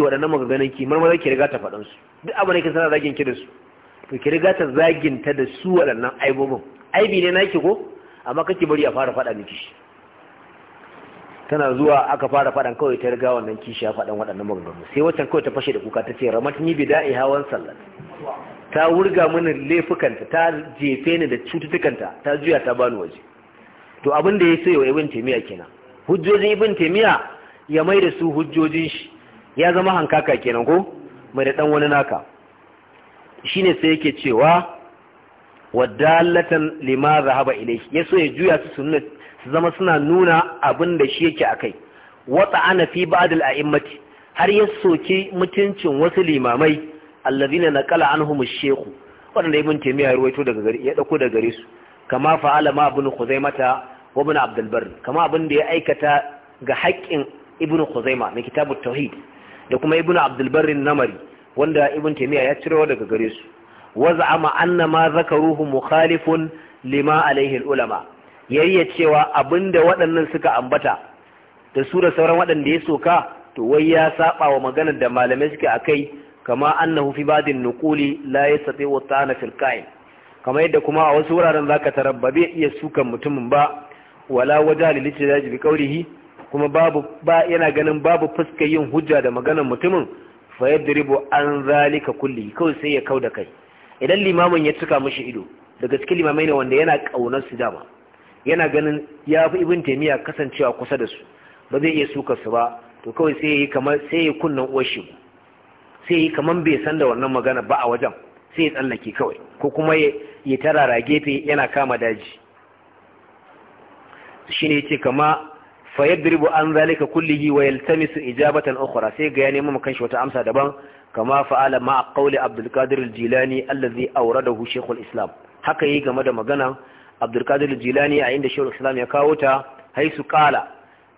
ki waɗannan maganganun ki marmara ki riga ta faɗin su duk abin da ki sana zagin ki da su to ki riga ta zagin ta da su waɗannan aibobin aibi ne naki ko amma kake bari a fara faɗa miki shi tana zuwa aka fara faɗan kawai ta riga wannan kishi a faɗan waɗannan maganganu sai waccan kawai ta fashe da kuka ta ce ramat ni da'i hawan sallat ta wurga mini laifukanta ta jefe ni da cututtukanta ta juya ta bani waje to abin da ya so wa ibn taymiya kenan hujjojin ibn taymiya ya mai da su hujjojin shi ya zama hankaka kenan ko mai da dan wani naka shine sai yake cewa wadallatan lima zahaba ilayhi yaso ya juya su sunna su zama suna nuna abin da shi yake akai wata ana fi ba'd al-a'immati har ya soke mutuncin wasu limamai allazina naqala anhum ash-shaykh wanda ibn taymiya ruwaito daga gari ya dauko daga gare su kama fa'ala ma ibn khuzaimata wa ibn abd al-barr kama abin da ya aikata ga haƙƙin ibn khuzaima na kitabut tauhid da kuma ibn abdulbarri namari wanda ibn taimiyya ya cirewa daga gare su waza ama anna ma zakaruhu mukhalifun lima alaihi ulama yaya cewa abinda waɗannan suka ambata da su da sauran waɗanda ya soka to wai ya saba wa maganar da malamai suke akai kama annahu fi badin nuquli la yastati ta'ana fil qa'im kamar yadda kuma a wasu wuraren zaka tarar ba iya sukan mutumin ba wala waja lil istidraj bi qawlihi kuma babu ba yana ganin babu fuska yin hujja da maganar mutumin fa yadribu an zalika kulli kawai sai ya kauda kai idan limamin ya cika mishi ido daga cikin limamai ne wanda yana kaunar su dama yana ganin ya fi ibn taymiya kasancewa kusa da su ba zai iya suka su ba to kawai sai yi kamar sai yi kunnan uwashi sai yi kamar bai san da wannan magana ba a wajen sai ya tsallake kawai ko kuma ya tarara gefe yana kama daji shine yace kama fa yadribu an zalika kullihi wa yaltamisu ijabatan ukhra sai ga ya nemi shi wata amsa daban kama fa'ala ma qawli Abdul Qadir al-Jilani allazi awradahu shaykhul Islam haka yi game da magana Abdul Qadir al-Jilani a inda shaykhul Islam ya kawo ta haisu qala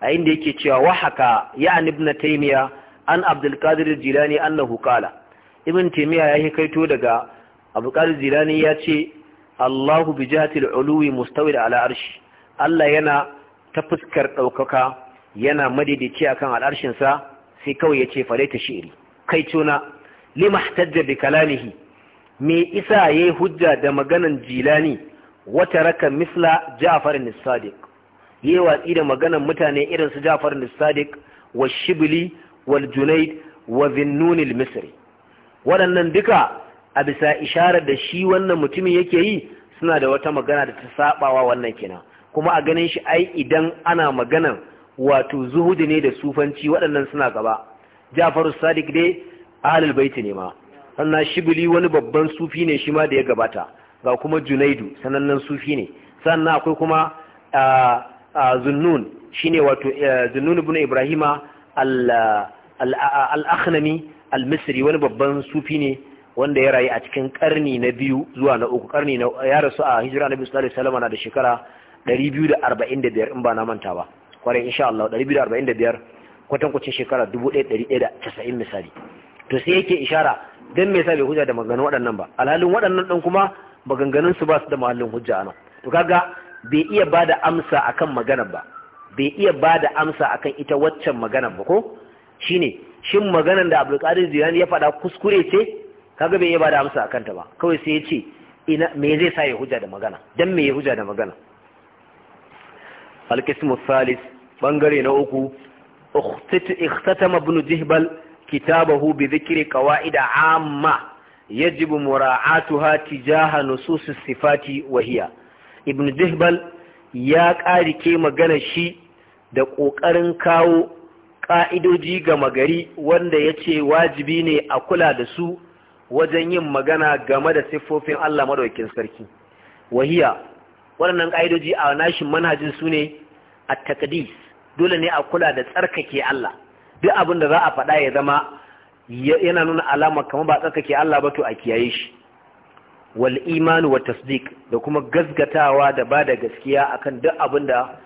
a inda yake cewa wa haka ya ibn Taymiya an Abdul Qadir al-Jilani annahu qala ibn Taymiya ya kaito daga Abdul Qadir al-Jilani ya ce Allahu bi jahati al-uluwi mustawil ala arshi Allah yana ta fuskar ɗaukaka yana madaidaici akan al'arshinsa sai kawai ya ce ta shi'iri kai cuna lima tajja bi kalamihi me isa yayi hujja da maganan jilani wata raka misla ja'far ibn sadiq yayi watsi da maganan mutane irin su ja'far ibn sadiq wa shibli wal junayd wa zinnun al misri waɗannan duka a bisa isharar da shi wannan mutumin yake yi suna da wata magana da ta sabawa wannan kenan kuma a ganin shi ai idan ana maganan wato zuhudi ne da sufanci waɗannan suna gaba Jafaru Sadiq dai ahlul baiti ne ma sannan Shibli wani babban sufi ne shi ma da ya gabata ga kuma Junaidu sanannen sufi ne sannan akwai kuma Zunnun shine wato Zunnun ibn Ibrahima al-Akhnami al-Misri wani babban sufi ne wanda ya rayu a cikin karni na biyu zuwa na uku karni na ya rasu a hijira Nabi sallallahu alaihi wasallam na da shekara 245 in ba na manta ba kwarai insha Allah 245 kwatankwacin shekara 1190 misali to sai yake ishara dan me yasa bai hujja da maganganun waɗannan ba alhalin waɗannan ɗan kuma maganganun su ba su da mahallin hujja ana to kaga bai iya bada amsa akan maganar ba bai iya bada amsa akan ita waccan maganar ba ko shine shin maganar da Abdul Qadir Jilani ya faɗa kuskure ce kaga bai iya bada amsa akan ta ba kawai sai ya ce ina me zai sa ya hujja da magana dan me ya hujja da magana alkismu salis bangare na uku اختتم ابن جهبل كتابه بذكر قواعد عامة mura'atu hati تجاه نصوص Sifati Wahiya. ابن Jihbal ya ƙari ke magana shi da ƙoƙarin kawo ƙa'idoji ga magari wanda ya ce wajibi ne a kula da su wajen yin magana game da siffofin Allah maɗaukin sarki. Wahiya, waɗannan ƙa'idoji a nashin manhajin su ne a takadis dole ne a kula da tsarkake Allah duk abin da za a faɗa ya zama yana nuna alama kamar ba tsarkake Allah ba to a kiyaye shi wal imanu wa tasdiq da kuma gazgatawa da ba da gaskiya akan duk abin da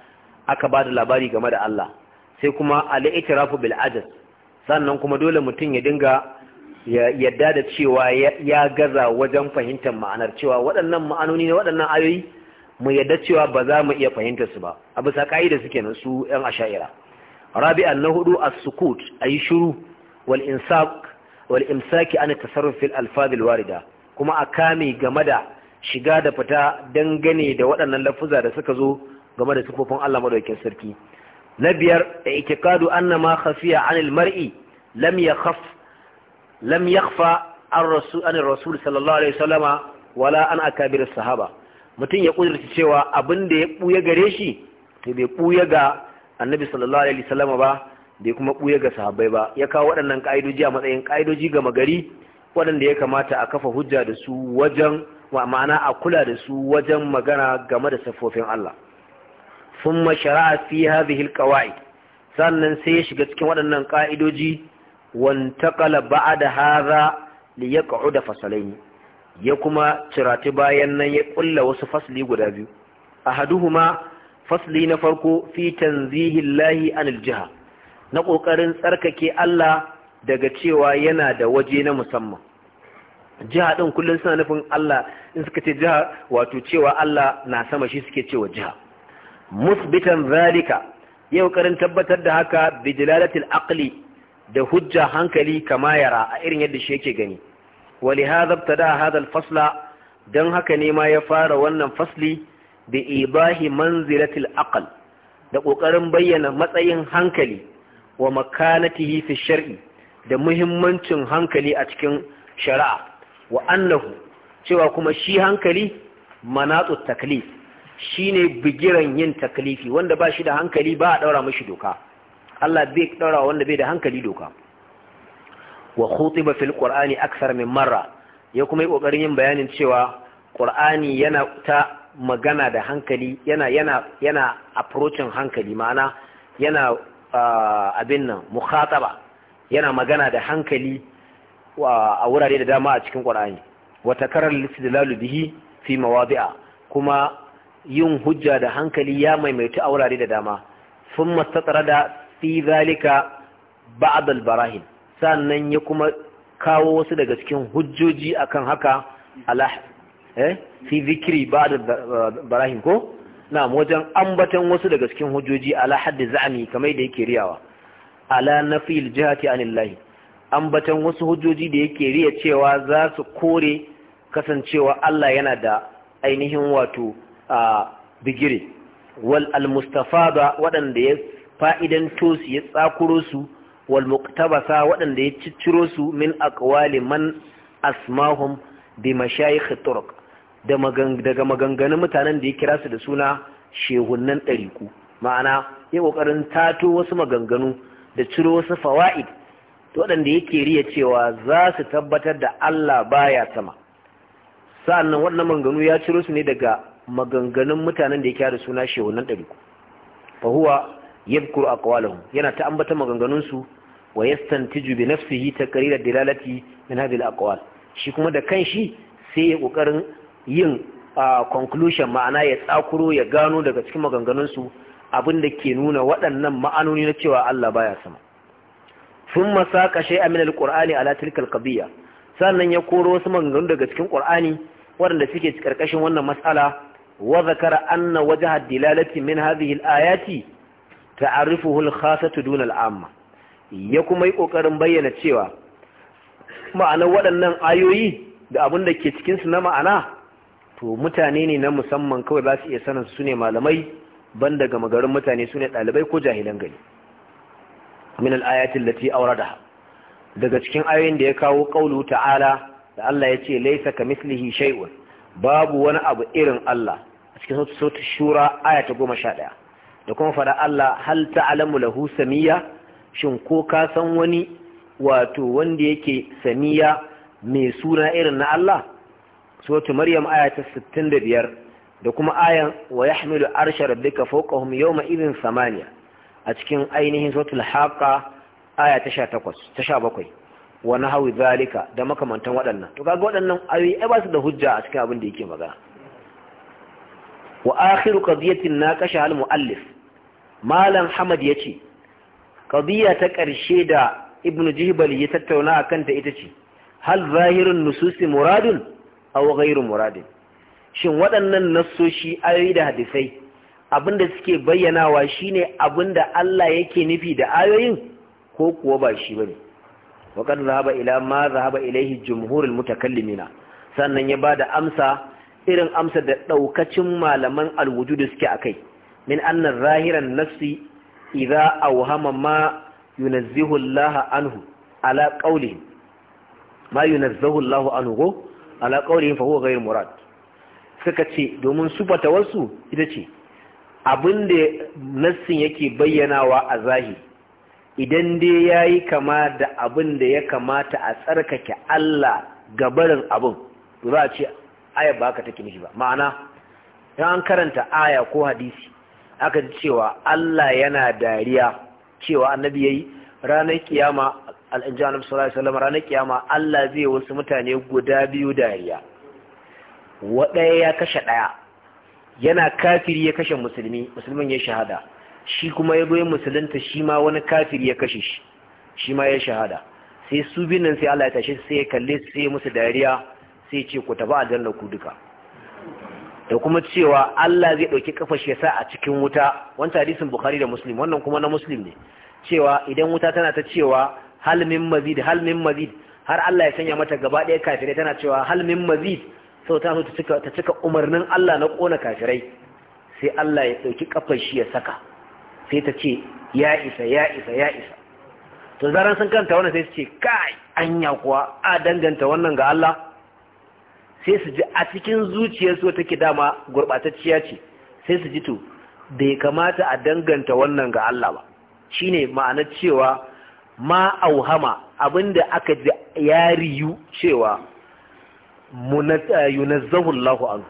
aka ba da labari game da Allah sai kuma al-i'tirafu bil ajaz sannan kuma dole mutum ya dinga yadda da cewa ya gaza wajen fahimtar ma'anar cewa waɗannan ma'anoni ne waɗannan ayoyi mu yadda cewa ba za mu iya fahimtar su ba a bisa ka'ida suke nan su yan asha'ira rabi'a na hudu as-sukut ayi shiru wal insaq wal imsaki an tasarruf fil alfaz al warida kuma a kame game da shiga da fita dangane da waɗannan lafuza da suka zo game da sufofin Allah madaukakin sarki na biyar i'tiqadu anna ma khafiya an al mar'i lam yakhaf lam yakhfa an rasul sallallahu alaihi wasallama wala an akabir sahaba mutum ya kudurta cewa abin da ya buya gare shi to bai buya ga annabi sallallahu alaihi wasallam ba bai kuma buya ga sahabai ba ya kawo waɗannan ka'idoji a matsayin ƙa'idoji ga gari waɗanda ya kamata a kafa hujja da su wajen wa ma'ana a kula da su wajen magana game da safofin Allah thumma shara'a fi hadhihi alqawaid sannan sai ya shiga cikin waɗannan ka'idoji wantaqala ba'da hadha li da fasalaini ya kuma cirati bayan nan ya kulla wasu fasli guda biyu A ahaduhuma fasli na farko fi tanzihillahi anil jiha na kokarin tsarkake Allah daga cewa yana da waje na musamman jiha ɗin kullun suna nufin Allah in suka ce jiha wato cewa Allah na sama shi suke cewa jiha musbitan zalika ya karin tabbatar da haka bijilalatil aqli da hujja hankali kama yara a irin yadda shi yake gani ولهذا ابتدأ هذا الفصل don haka ne ma ya fara wannan fasli da ibahi manzilatil aqal da ƙoƙarin bayyana matsayin hankali wa makanatihi fi shar'i da muhimmancin hankali a cikin shari'a wa annahu cewa kuma shi hankali manatsu taklif shine bigiran yin taklifi wanda ba shi da hankali ba a daura mashi doka Allah bai daura wanda bai da hankali doka wa khutiba fil qur'ani aksar min marra ya kuma yi kokarin yin bayanin cewa qur'ani yana ta magana da hankali yana yana yana approaching hankali ma'ana yana abin nan mukhataba yana magana da hankali a wurare da dama a cikin qur'ani wa takarar istidlalu bihi fi mawadi'a kuma yin hujja da hankali ya maimaitu a wurare da dama sun mastatsara da fi zalika ba'ad al-barahin sannan ya kuma kawo wasu daga cikin hujjoji akan haka alah eh fi zikri ba'da barahim ko na wajen ambaton wasu daga cikin hujjoji ala haddi za'mi kamar da yake riyawa ala nafil jihati anillahi ambaton wasu hujjoji da yake riya cewa za su kore kasancewa Allah yana da ainihin wato a bigire wal almustafada waɗanda ya fa'idan tosu ya tsakuro su wal muqtabasa waɗanda ya cicciro su min aqwali man asmahum bi mashayikh turuq daga maganganun mutanen da ya kira su da suna shehunnan ɗariku ma'ana ya ƙoƙarin tato wasu maganganu da ciro wasu fawa'id waɗanda yake riya cewa za su tabbatar da Allah baya sama sa'annan waɗannan maganganu ya ciro su ne daga maganganun mutanen da ya kira da suna shehunnan ɗariku fa huwa aqwalahum yana ta ambata maganganun su wa yastantiju bi nafsihi taqrir dilalati min hadhihi al-aqwal shi kuma da kanshi sai ya kokarin yin conclusion ma'ana ya tsakuro ya gano daga cikin maganganun su abin ke nuna waɗannan ma'anoni na cewa Allah baya sama sun masaka shai amin alƙur'ani ala tilkal qadiyya sannan ya koro wasu maganganu daga cikin ƙur'ani waɗanda suke karkashin wannan matsala wa zakara anna wajha dilalati min hadhihi al-ayati ta'rifuhu al-khassatu duna al-amma ya kuma yi ƙoƙarin bayyana cewa ma'anar waɗannan ayoyi da abin da ke cikinsu na ma'ana to mutane ne na musamman kawai za su iya sanin su ne malamai ban daga magarin mutane su ne ɗalibai ko jahilan gari min al'ayatin lati aurada daga cikin ayoyin da ya kawo ƙaulu ta'ala da Allah ya ce laisa ka mislihi shay'un babu wani abu irin Allah a cikin sautu shura ayata goma sha ɗaya da kuma faɗa Allah hal ta'alamu lahu samiyya shin ko ka san wani wato wanda yake saniya mai suna irin na Allah sautu maryam aya ta 65 da kuma ayan wa yahmilu arsha rabbika fawqahum yawma idhin samaniya a cikin ainihin suratul haqa aya ta 18 ta 17 wa nahwi zalika da makamantan waɗannan to kaga waɗannan ayoyi ai ba su da hujja a cikin abin da yake magana wa akhiru qadiyatin naqasha al muallif malam hamad yace qadiyya ta ƙarshe da ibnu jihbal ya tattauna a kanta ita ce hal zahirun nususi muradun aw ghairu muradin shin waɗannan nassoshi ayoyi da hadisai abinda suke bayyanawa shine abinda Allah yake nufi da ayoyin ko kuwa ba shi bane wa qad zahaba ila ma zahaba ilayhi jumhurul mutakallimina sannan ya bada amsa irin amsa da daukacin malaman alwujudu suke akai min anna zahiran nassi idza awhama ma yunazzihu Allah anhu ala qawli ma yunazzahu Allah anhu ala qawli fa huwa ghayr murad suka ce domin su fatawarsu ita ce Abinda da nassin yake bayyanawa a zahiri idan dai yayi kama da abin da ya kamata a tsarkake Allah gabarin abin za a ce aya baka take mishi ba ma'ana in an karanta aya ko hadisi aka ji cewa Allah yana dariya cewa annabi yayi ranar kiyama al'inji annabi sallallahu alaihi wasallam ranar kiyama Allah zai yi wasu mutane guda biyu dariya wadaya ya kashe daya yana kafiri ya kashe musulmi musulmin ya shahada shi kuma ya goyi musulunta shi ma wani kafiri ya kashe shi shi ma ya shahada sai su nan sai Allah ya tashi sai ya kalle sai musu dariya sai ce ku tafi aljanna ku duka da kuma cewa Allah zai ɗauki kafar shi sa a cikin wuta wancan hadisin Bukhari da Muslim wannan kuma na Muslim ne cewa idan wuta tana ta cewa hal min mazid hal min mazid har Allah ya sanya mata gaba ɗaya kafirai tana cewa hal min mazid sau ta so ta cika ta cika umarnin Allah na kona kafirai sai Allah ya ɗauki kafar shi ya saka sai ta ce ya isa ya isa ya isa to zaran sun kanta wannan sai su ce kai anya kuwa a danganta wannan ga Allah sai su ji a cikin zuciyarsu ke dama gurɓatacciya ce sai su ji to bai kamata a danganta wannan ga Allah ba shine ma'ana cewa ma auhama abinda aka ji yari riyu cewa eh, yunazzahu Allahu anhu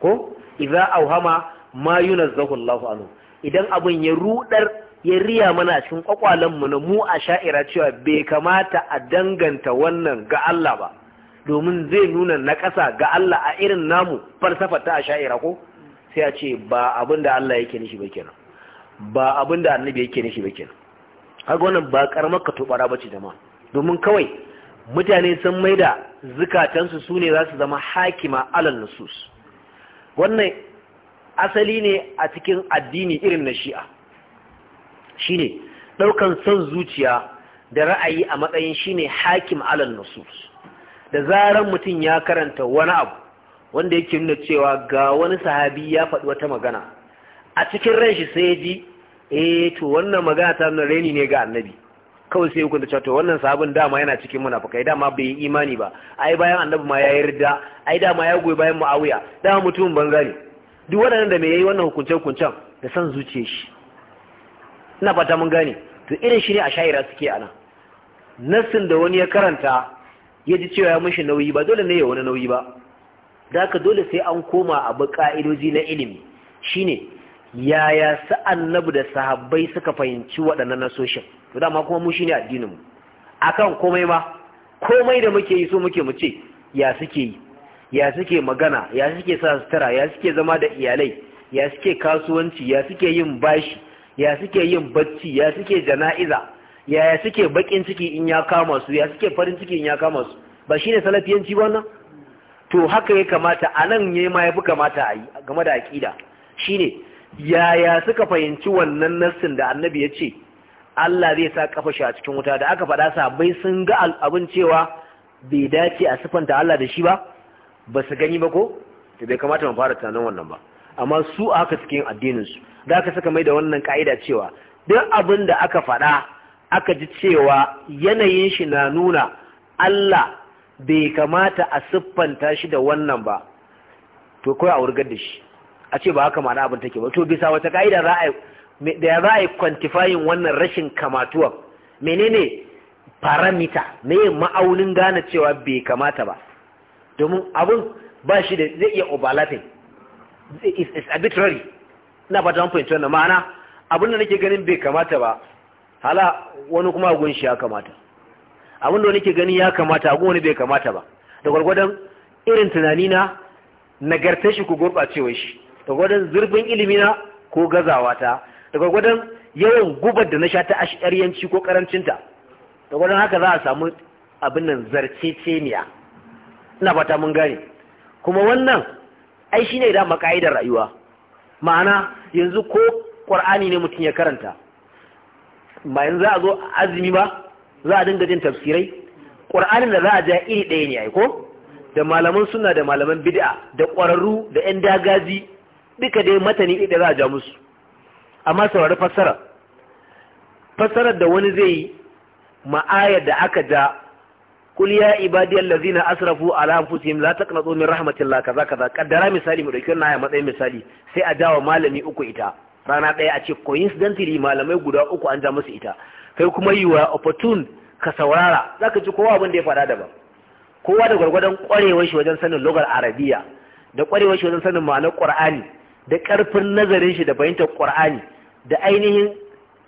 ko idza auhama ma yunazzahu Allahu anhu idan abin ya rudar ya riya mana cikin kwakwalen mu na mu a sha'ira cewa bai kamata a danganta wannan ga Allah ba domin zai nuna na ƙasa ga Allah a irin namu falsafar ta sha'ira ko sai a ce ba abin da Allah yake nishi ba kenan ba abin da annabi yake nishi ba kenan haka wannan ba karamar ka tobara bace jama'a domin kawai mutane sun maida zukatansu su ne za su zama hakima alal nusus wannan asali ne a cikin addini irin na shi'a shine ɗaukan son zuciya da ra'ayi a matsayin shine hakim alal nusus da zaran mutum ya karanta wani abu wanda yake nuna cewa ga wani sahabi ya faɗi wata magana a cikin ran shi sai ji eh to wannan magana ta nuna reni ne ga annabi kawai sai hukunta cewa to wannan sahabin dama yana cikin munafukai dama bai yi imani ba ai bayan annabi ma ya yarda ai dama ya goyi bayan muawiya dama mutumin banza ne duk waɗannan da me yayi wannan hukunce hukuncen da san zuciye shi ina fata mun gane to irin shi ne a shayira suke ana nassin da wani ya karanta ya ji cewa ya mishi nauyi ba dole ne ya wani nauyi ba da haka dole sai an koma abu ka'idoji na ilimi shine yaya Nabu da sahabbai suka fahimci waɗannan nasoshin to dama kuma mu shine addinin mu akan komai ma komai da muke yi so muke mu ce ya suke yi ya suke magana ya suke sa sutura ya suke zama da iyalai ya suke kasuwanci ya suke yin bashi ya suke yin bacci ya suke jana'iza yaya suke bakin ciki in ya kama su ya suke farin ciki in ya kama su ba shine salafiyanci wannan to haka ya kamata a nan ne ma ya fi kamata a yi game da aƙida shine yaya suka fahimci wannan nassin da annabi ya ce Allah zai sa kafa shi a cikin wuta da aka faɗa bai sun ga abin cewa bai dace a sifanta Allah da shi ba ba su gani ba ko to bai kamata mu fara tunanin wannan ba amma su aka cikin addinin su da aka saka mai da wannan ka'ida cewa duk abin da aka faɗa aka ji cewa yanayin shi na nuna Allah bai kamata a siffanta shi da wannan ba to kawai a wurgar da shi a ce ba haka ma'ana abin take ba to bisa wata ka'ida da ya kwantifayin wannan rashin kamatuwa menene paramita ne ma'aunin gane cewa bai kamata ba domin abin ba shi da zai iya overlapping it's arbitrary na fata fahimci wannan ma'ana abin da nake ganin bai kamata ba hala wani kuma agun shi ya kamata abin da wani ke gani ya kamata agun wani bai kamata ba da gwargwadon irin tunani na nagartar shi ku gurɓacewar shi da gwargwadon zurfin ilimi na ko gazawa ta da gwargwadon yawan gubar da na sha ta ashariyanci ko karancinta da gwargwadon haka za a samu abin nan zarceceniya ina fata mun gane kuma wannan ai shi shine da maka'idar rayuwa ma'ana yanzu ko ƙwar'ani ne mutum ya karanta bayan za a zo azumi ba za a dinga jin tafsirai ƙur'anin da za a ja iri ɗaya ne yi ko da malaman suna da malaman bid'a da ƙwararru da 'yan dagaji duka dai matani iri za a ja musu amma saurari fassara fassarar da wani zai yi ma'ayar da aka ja kul ya ibadiyal ladzina asrafu ala anfusihim la taqnatu min rahmatillah kaza kaza kaddara misali mu dauki wannan aya matsayin misali sai a jawa malami uku ita rana ɗaya a ce coincidentally malamai guda uku an ja musu ita kai kuma yi wa opportune ka saurara za ka ci kowa abin da ya faɗa daban kowa da gwargwadon ƙwarewar shi wajen sanin logar arabiya da ƙwarewar shi wajen sanin ma'anar ƙur'ani da ƙarfin nazarin shi da fahimtar ƙur'ani da ainihin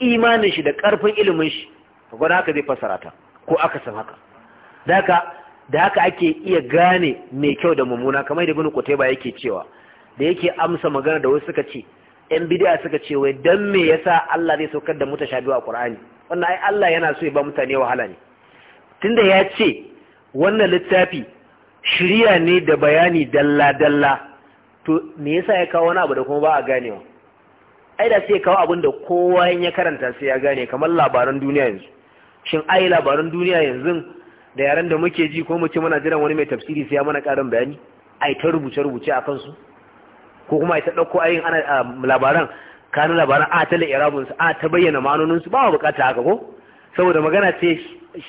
imanin shi da ƙarfin ilimin shi gwada haka zai fassara ta ko aka san haka da haka da haka ake iya gane mai kyau da mummuna kamar da bin kuteba yake cewa da yake amsa magana da wasu suka ce 'yan bidiya suka ce wai don me yasa Allah zai saukar da shaɗu a ƙur'ani wannan ai Allah yana so ya ba mutane wahala ne tunda ya ce wannan littafi shirya ne da bayani dalla dalla to me yasa ya kawo wani abu da kuma ba a wa? ai da sai ya kawo abin da kowa ya karanta sai ya gane kamar labaran duniya yanzu shin ai labaran duniya yanzu da yaren da muke ji ko mu ce muna jiran wani mai tafsiri sai ya mana karin bayani ai ta rubuce rubuce a kansu ko kuma ita ɗauko ayin ana labaran kana labaran a ta la'irabun su a ta bayyana manonin su ba wa bukata haka ko saboda magana ce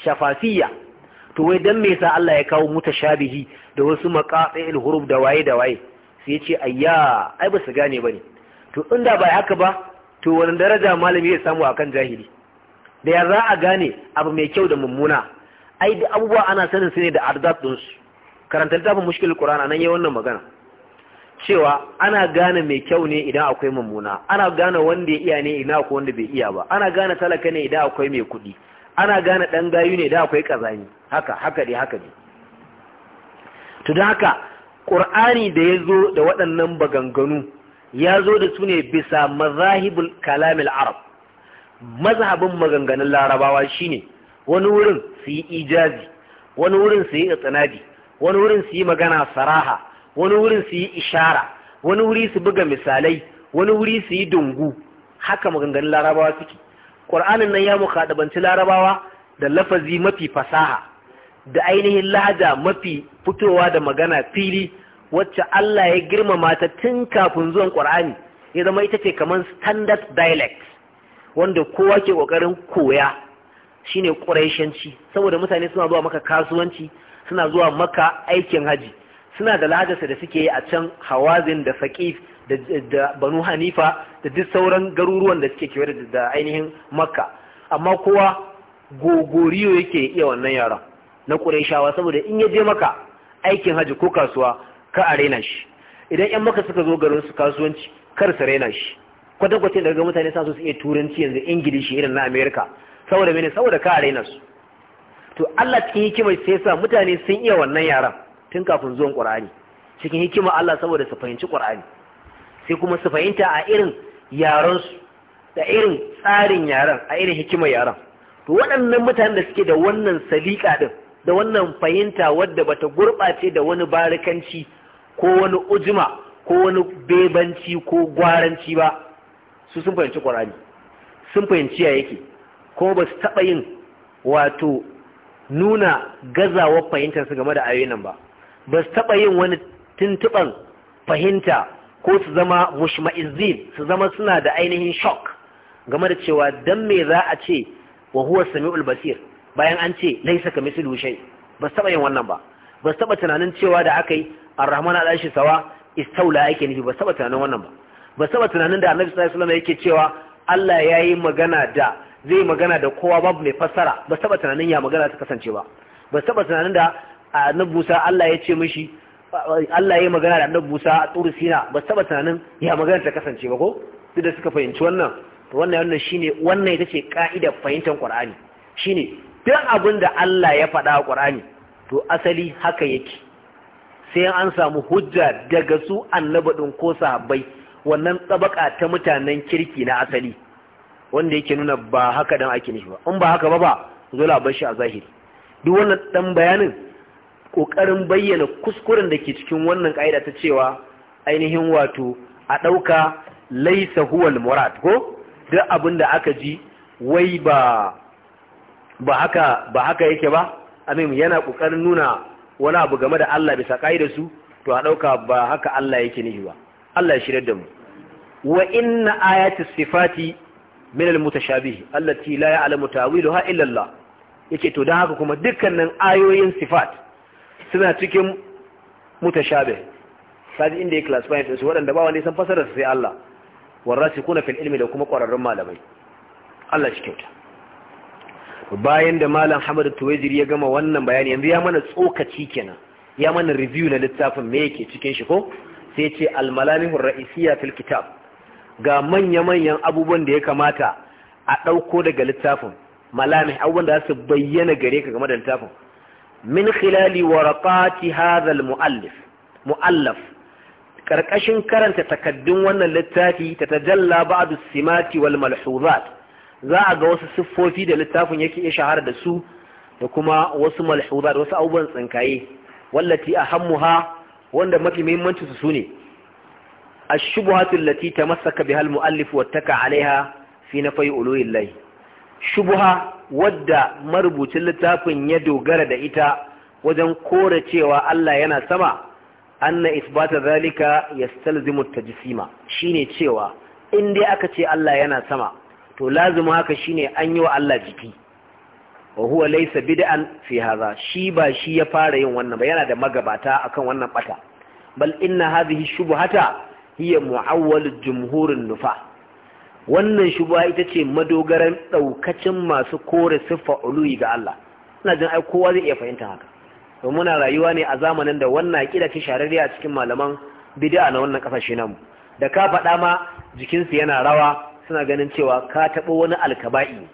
shafafiya to wai dan me yasa Allah ya kawo mutashabihi da wasu maqatil huruf da waye da waye sai ya ce ayya ai ba su gane bane to inda ba haka ba to wani daraja malami ya samu akan jahili da ya za a gane abu mai kyau da mummuna ai da abubuwa ana sanin su ne da ardat din su karanta littafin mushkilul qur'an nan yayin wannan magana cewa ana gane mai kyau ne idan akwai mummuna ana gane wanda ya iya ne idan akwai wanda bai iya ba ana gane talaka ne idan akwai mai kudi ana gane ɗan gayu ne idan akwai kazani haka haka dai haka dai to dan haka ƙur'ani da yazo da waɗannan baganganu ya zo da su ne bisa mazahibul kalamil arab mazhabin maganganun larabawa shine wani wurin su yi ijazi wani wurin su yi tsanadi wani wurin su yi magana saraha wani wurin su yi ishara wani wuri su buga misalai wani wuri su yi dungu haka maganganun larabawa suke ƙur'anin nan ya mukaɗabanci larabawa da lafazi mafi fasaha da ainihin lahaja mafi fitowa da magana fili wacce Allah ya girmama ta tun kafin zuwan ƙur'ani ya zama ita ce kamar standard dialect wanda kowa ke ƙoƙarin koya shine ƙuraishanci saboda mutane suna zuwa maka kasuwanci suna zuwa maka aikin haji suna da lahajarsa da suke a can hawazin da faƙif da banu hanifa da duk sauran garuruwan da suke kewaye da ainihin makka amma kowa gogoriyo yake iya wannan yaran na ƙura'ishawa saboda in ya je maka aikin hajji ko kasuwa ka a raina shi idan yan maka suka zo garin su kasuwanci kar su raina shi kwatakwacin daga mutane sa su iya turanci yanzu ingilishi irin na amerika saboda mene saboda ka a raina su to allah cikin hikimar sai sa mutane sun iya wannan yaran tun kafin zuwan ƙur'ani, cikin hikima Allah saboda su fahimci qur'ani sai kuma su fahimta a irin yaran da irin tsarin yaran a irin hikimar yaran to waɗannan mutanen da suke da wannan salika din da wannan fahimta wadda bata gurɓace da wani barikanci ko wani ujima ko wani bebanci ko gwaranci ba su sun fahimci ƙwarani sun fahimci ya yake kuma ba su taɓa yin wato nuna gazawar fahimtarsu game da ayoyin nan ba ba su taɓa yin wani tuntuɓan fahimta ko su zama mushma'izin su zama suna da ainihin shock game da cewa dan me za a ce wa huwa sami'ul basir bayan an ce laisa ka mislu shay ba su taɓa yin wannan ba ba su taɓa tunanin cewa da aka yi ar-rahman al sawa istaula yake nufi ba su taɓa tunanin wannan ba ba su taɓa tunanin da annabi sallallahu alaihi wasallam yake cewa Allah ya yi magana da zai magana da kowa babu mai fassara ba su taɓa tunanin ya magana ta kasance ba ba su taɓa tunanin da a annabi Musa Allah ya ce mishi Allah ya yi magana da annabi Musa a Tsuru Sina ba taba tunanin ya magana ta kasance ba ko duk da suka fahimci wannan to wannan wannan shine wannan ita ce ka'idar fahimtar Qur'ani shine duk abin da Allah ya faɗa a Qur'ani to asali haka yake sai an samu hujja daga su annabi ko sahabbai wannan tsabaka ta mutanen kirki na asali wanda yake nuna ba haka dan ake nishi ba in ba haka ba ba zo la bar shi a zahiri duk wannan dan bayanin ƙoƙarin bayyana kuskuren da ke cikin wannan ƙa'ida ta cewa ainihin wato a ɗauka laisa huwal murad ko duk abin da aka ji wai ba ba haka ba haka yake ba amin yana ƙoƙarin nuna wani abu game da Allah bisa ƙa'ida su to a ɗauka ba haka Allah yake nihi ba Allah ya shirya da mu wa inna ayati sifati min al-mutashabih allati la ya'lamu ta'wilaha illa Allah yake to dan haka kuma dukkanin ayoyin sifat suna cikin mutashabe sai inda ya classify su waɗanda ba wanda ya san fasara sai Allah kuna fil ilmi da kuma ƙwararrun malamai Allah shi kyauta bayan da malam Ahmad tuwaziri ya gama wannan bayani yanzu ya mana tsokaci kenan ya mana review na littafin me yake cikin shi ko sai ya ce al-malamihur ra'isiyya fil kitab ga manya-manyan abubuwan da ya kamata a ɗauko daga littafin malami abubuwan da za su bayyana gare ka game da littafin min khilali waraqati hadha almuallif muallaf karkashin karanta takaddun wannan littafi ta tajalla ba'd simati wal malhuzat za a ga wasu siffofi da littafin yake ya shahara da su da kuma wasu malhuzat wasu abubuwan tsinkaye wallati ahammuha wanda mafi muhimmanci su sune الشبهات التي تمسك بها المؤلف واتكى عليها في na ألوه الله shubuha wadda marubucin littafin ya dogara da ita wajen kore cewa Allah yana sama anna isbata zalika yastalzimu tajsima shine cewa in dai aka ce Allah yana sama to lazima haka shine an yi wa Allah jiki wa huwa laysa bid'an fi hadha shi ba shi ya fara yin wannan ba yana da magabata akan wannan bata bal inna hadhihi shubhata hiya mu'awwal jumhurin nufa wannan shubuwa ita ce madogaran ɗaukacin masu kore siffa uluyi ga Allah ina jin ai kowa zai iya fahimta haka to muna rayuwa ne a zamanin da wannan kira ce shararriya cikin malaman bid'a na wannan kasashe namu da ka faɗa ma jikinsu yana rawa suna ganin cewa ka taɓa wani alkaba'i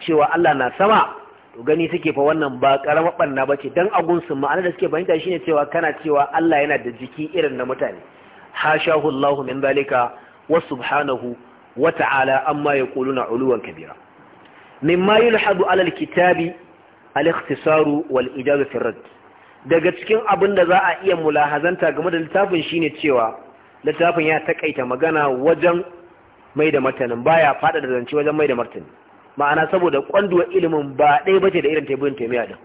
cewa Allah na sama to gani suke fa wannan ba karama banna bace dan agun su ma'ana da suke fahimta shine cewa kana cewa Allah yana da jiki irin na mutane hashahu Allahu min zalika wa subhanahu wa ta'ala amma yaquluna uluwan kabira mimma yulhadu ala alkitabi al-ikhtisaru wal ijaba daga cikin abin da za a iya mulahazanta game da littafin shine cewa littafin ya takaita magana wajen mai da martanin baya fada da zance wajen mai da martani ma'ana saboda kwanduwar ilimin ba ɗaya bace da irin taibin taimiyya din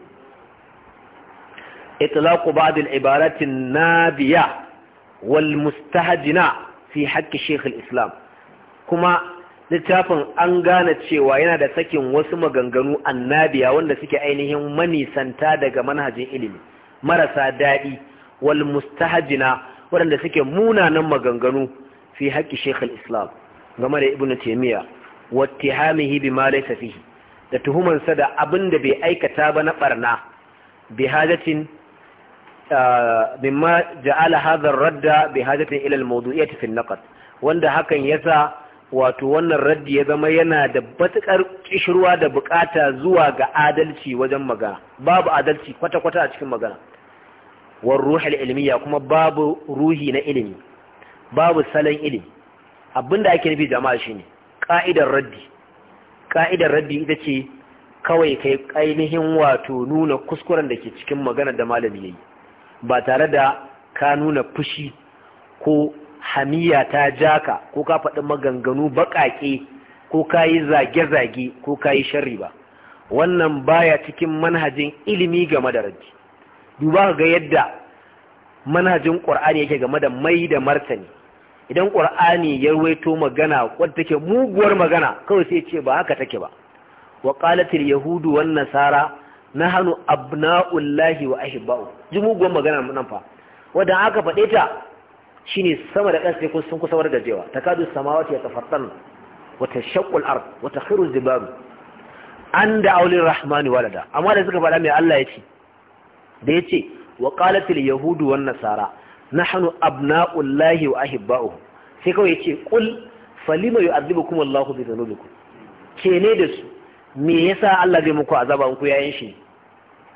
itlaqu ba'd al nabiya wal mustahjina fi haƙƙi shaykh islam kuma littafin an gane cewa yana da sakin wasu maganganu annabiya wanda suke ainihin manisanta daga manhajin ilimi marasa daɗi wal mustahajina waɗanda suke munanan maganganu fi haƙƙi shekhar islam game da ibn taimiyya wattihamihi bi ma laysa da tuhumansa da abin da bai aikata ba na barna bi da bimma ja'ala hadha ar-radda bi hajatin ila al-mawdu'iyyati fi an-naqd wanda hakan yasa wato wannan raddi ya zama yana da batukar kishirwa da bukata zuwa ga adalci wajen magana babu adalci kwata-kwata a cikin magana war ruhul ilmiya kuma babu ruhi na ilimi babu salon ilimi abinda ake nufi jama'a shine ka'idar raddi ka'idar raddi ita ce kawai kai ainihin wato nuna kuskuren da ke cikin magana da malami yayi ba tare da ka nuna fushi ko hamiya ta jaka ko ka faɗi maganganu baƙaƙe ko ka yi zage-zage ko ka yi sharri ba wannan baya cikin manhajin ilimi game da raddi duba ga yadda manhajin ƙur'ani yake game da mai da martani idan ƙur'ani ya ruwaito magana wadda take muguwar magana kawai sai ce ba haka take ba wa ƙalatar yahudu wan nasara hannu abna'ullahi wa ahibba'u ji muguwar magana nan fa wadda aka faɗe ta ne sama da ƙasa ko sun kusa da takadu samawati ya tafattan wa tashaqqu al-ard wa takhiru zibaru an da aulin rahmani walada amma da suka faɗa mai Allah ya ce da ya ce wa qalatil yahudu wan nasara nahnu abna'ullahi wa ahibba'uhu sai kawai ya ce qul falima yu'adhibukum Allahu bi dhunubikum ke da su me yasa Allah zai muku azaba in ku yayin shi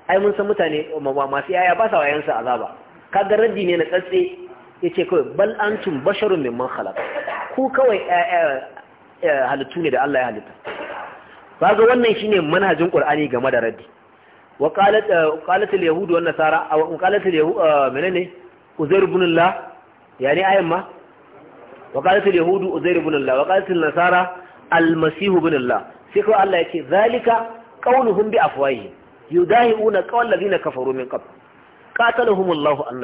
ai mun san mutane masu yaya ba sa wayansa azaba kaga raddi ne na tsatse yace kawai bal antum basharun mimman khalaq ku kawai eh, eh, eh, halittu ne da Allah ya halitta Ba ga wannan shine manhajin qur'ani game da raddi wa qalat qalat al yahud wa nasara aw qalat al yahud menene uzair ibn allah yani ayan ma wa qalat al yahud uzair ibn allah wa qalat al nasara al masih ibn allah sai ko Allah yake zalika qauluhum bi afwahi yudahiuna qawl ladina kafaru min qabl qatalahum allah an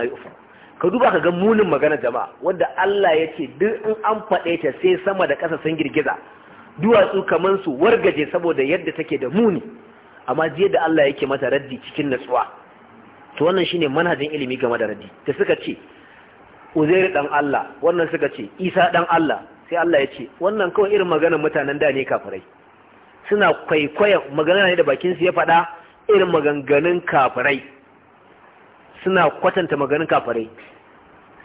ka duba ka ga munin magana jama'a wanda Allah ya ce duk in an faɗe ta sai sama da ƙasa sun girgiza duwatsu kamar su wargaje saboda yadda take da muni amma jiya da Allah yake mata raddi cikin natsuwa to wannan shine manhajin ilimi game da raddi da suka ce Uzair dan Allah wannan suka ce Isa dan Allah sai Allah ya ce wannan kawai irin maganar mutanen da ne kafirai suna kwaikwayon magana ne da bakin su ya faɗa irin maganganun kafirai suna kwatanta maganin kafirai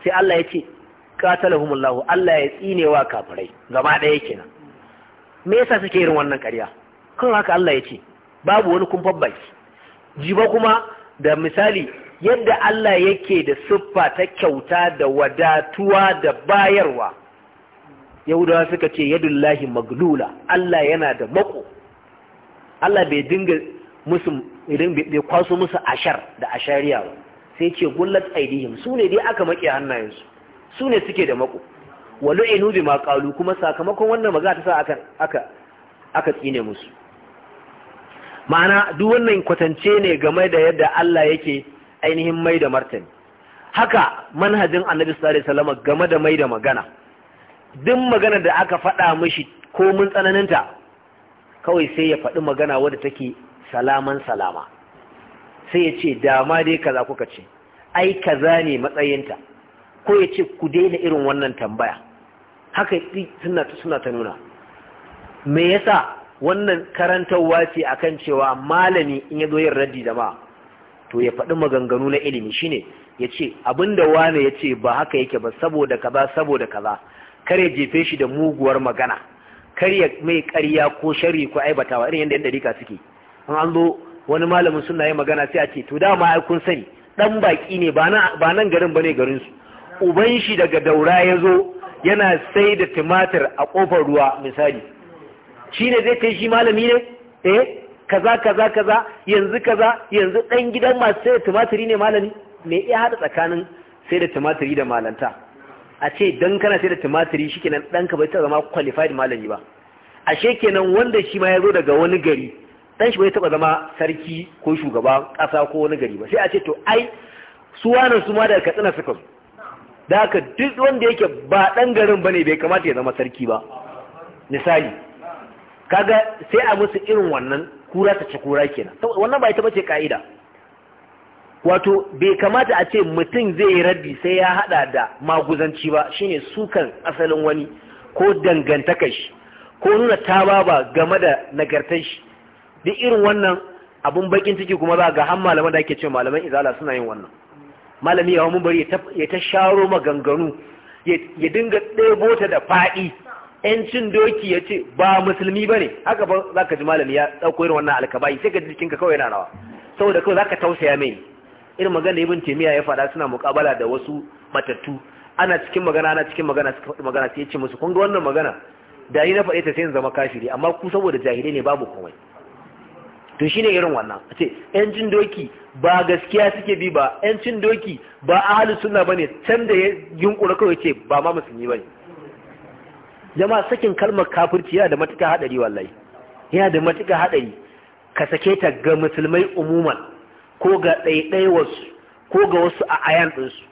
sai Allah ya ce qatalahumullahu Allah ya tsinewa kafirai gaba ɗaya kenan me yasa suke irin wannan ƙarya kun haka Allah ya ce babu wani kun baki jiba kuma da misali yadda Allah yake da siffa ta kyauta da wadatuwa da bayarwa yahudawa suka ce yadullahi maglula Allah yana da mako Allah bai dinga musu idan bai kwaso musu ashar da ashariya ba sai ce gullat aidihim su ne dai aka maƙi hannayensu su ne suke da mako inu bi ma qalu kuma sakamakon wannan magana ta sa aka aka aka tsine musu ma'ana duk wannan kwatance ne game da yadda Allah yake ainihin mai da martani haka manhajin Annabi sallallahu alaihi wasallam game da mai da magana duk magana da aka faɗa mishi ko mun tsananinta kawai sai ya faɗi magana wadda take salaman salama sai ya ce dama dai kaza kuka ce ai kaza ne matsayinta ko ya ce ku daina irin wannan tambaya haka suna suna ta nuna me yasa wannan karantarwa ce akan cewa malami in ya zo yin raddi da ma to ya faɗi maganganu na ilimi shine ya ce abinda wane ya ce ba haka yake ba saboda kaza saboda kaza kar ya jefe shi da muguwar magana karya mai karya ko shari ko aibatawa irin yadda yadda rika suke an an zo wani malamin suna yi magana sai a ce to dama ai kun sani dan baki ne ba nan garin bane garin su uban shi daga daura ya zo yana sai da tumatir a kofar ruwa misali shi ne zai kai shi malami ne eh kaza kaza kaza yanzu kaza yanzu dan gidan masu sai da tumatiri ne malami me ya hada tsakanin sai da tumatiri da malanta a ce dan kana sai da tumatiri shikenan dan ka bai ta zama qualified malami ba ashe kenan wanda shi ma ya zo daga wani gari dan shi bai taba zama sarki ko shugaba kasa ko wani gari ba sai a ce to ai su wannan su ma daga katsina suka su da haka duk wanda yake ba ɗan garin bane bai kamata ya zama sarki ba misali kaga sai a musu irin wannan kura ta ci kura kenan wannan bai taba ce ka'ida wato bai kamata a ce mutum zai yi sai ya haɗa da maguzanci ba shine sukan asalin wani ko dangantakar shi ko nuna ta ba game da nagartar shi duk irin wannan abun bakin ciki kuma za ga har malaman da ake cewa malaman izala suna yin wannan malami ya mun bari ya ta sharo maganganu ya dinga ɗebo ta da faɗi ‘yancin doki ya ce ba musulmi ba ne haka ba za ka ji malami ya ɗauko irin wannan alkabai sai ka ji jikinka kawai yana rawa saboda kawai za ka tausaya mai irin magana ibin taimiyya ya faɗa suna muƙabala da wasu matattu ana cikin magana ana cikin magana suka faɗi magana sai ya ce musu kun ga wannan magana da ni na faɗe ta sai in zama kafiri amma ku saboda jahilai ne babu komai to ne irin wannan a ce yancin doki ba gaskiya suke bi ba yancin doki ba a suna suna bane can da ya yunkura kawai ce ba ma musulmi ne. jama'a sakin kalmar kafirci ya da matuka haɗari wallahi yana da matuka haɗari. ka sake ta ga musulmai umuman ko ga wasu ko ga wasu a ayan ɗinsu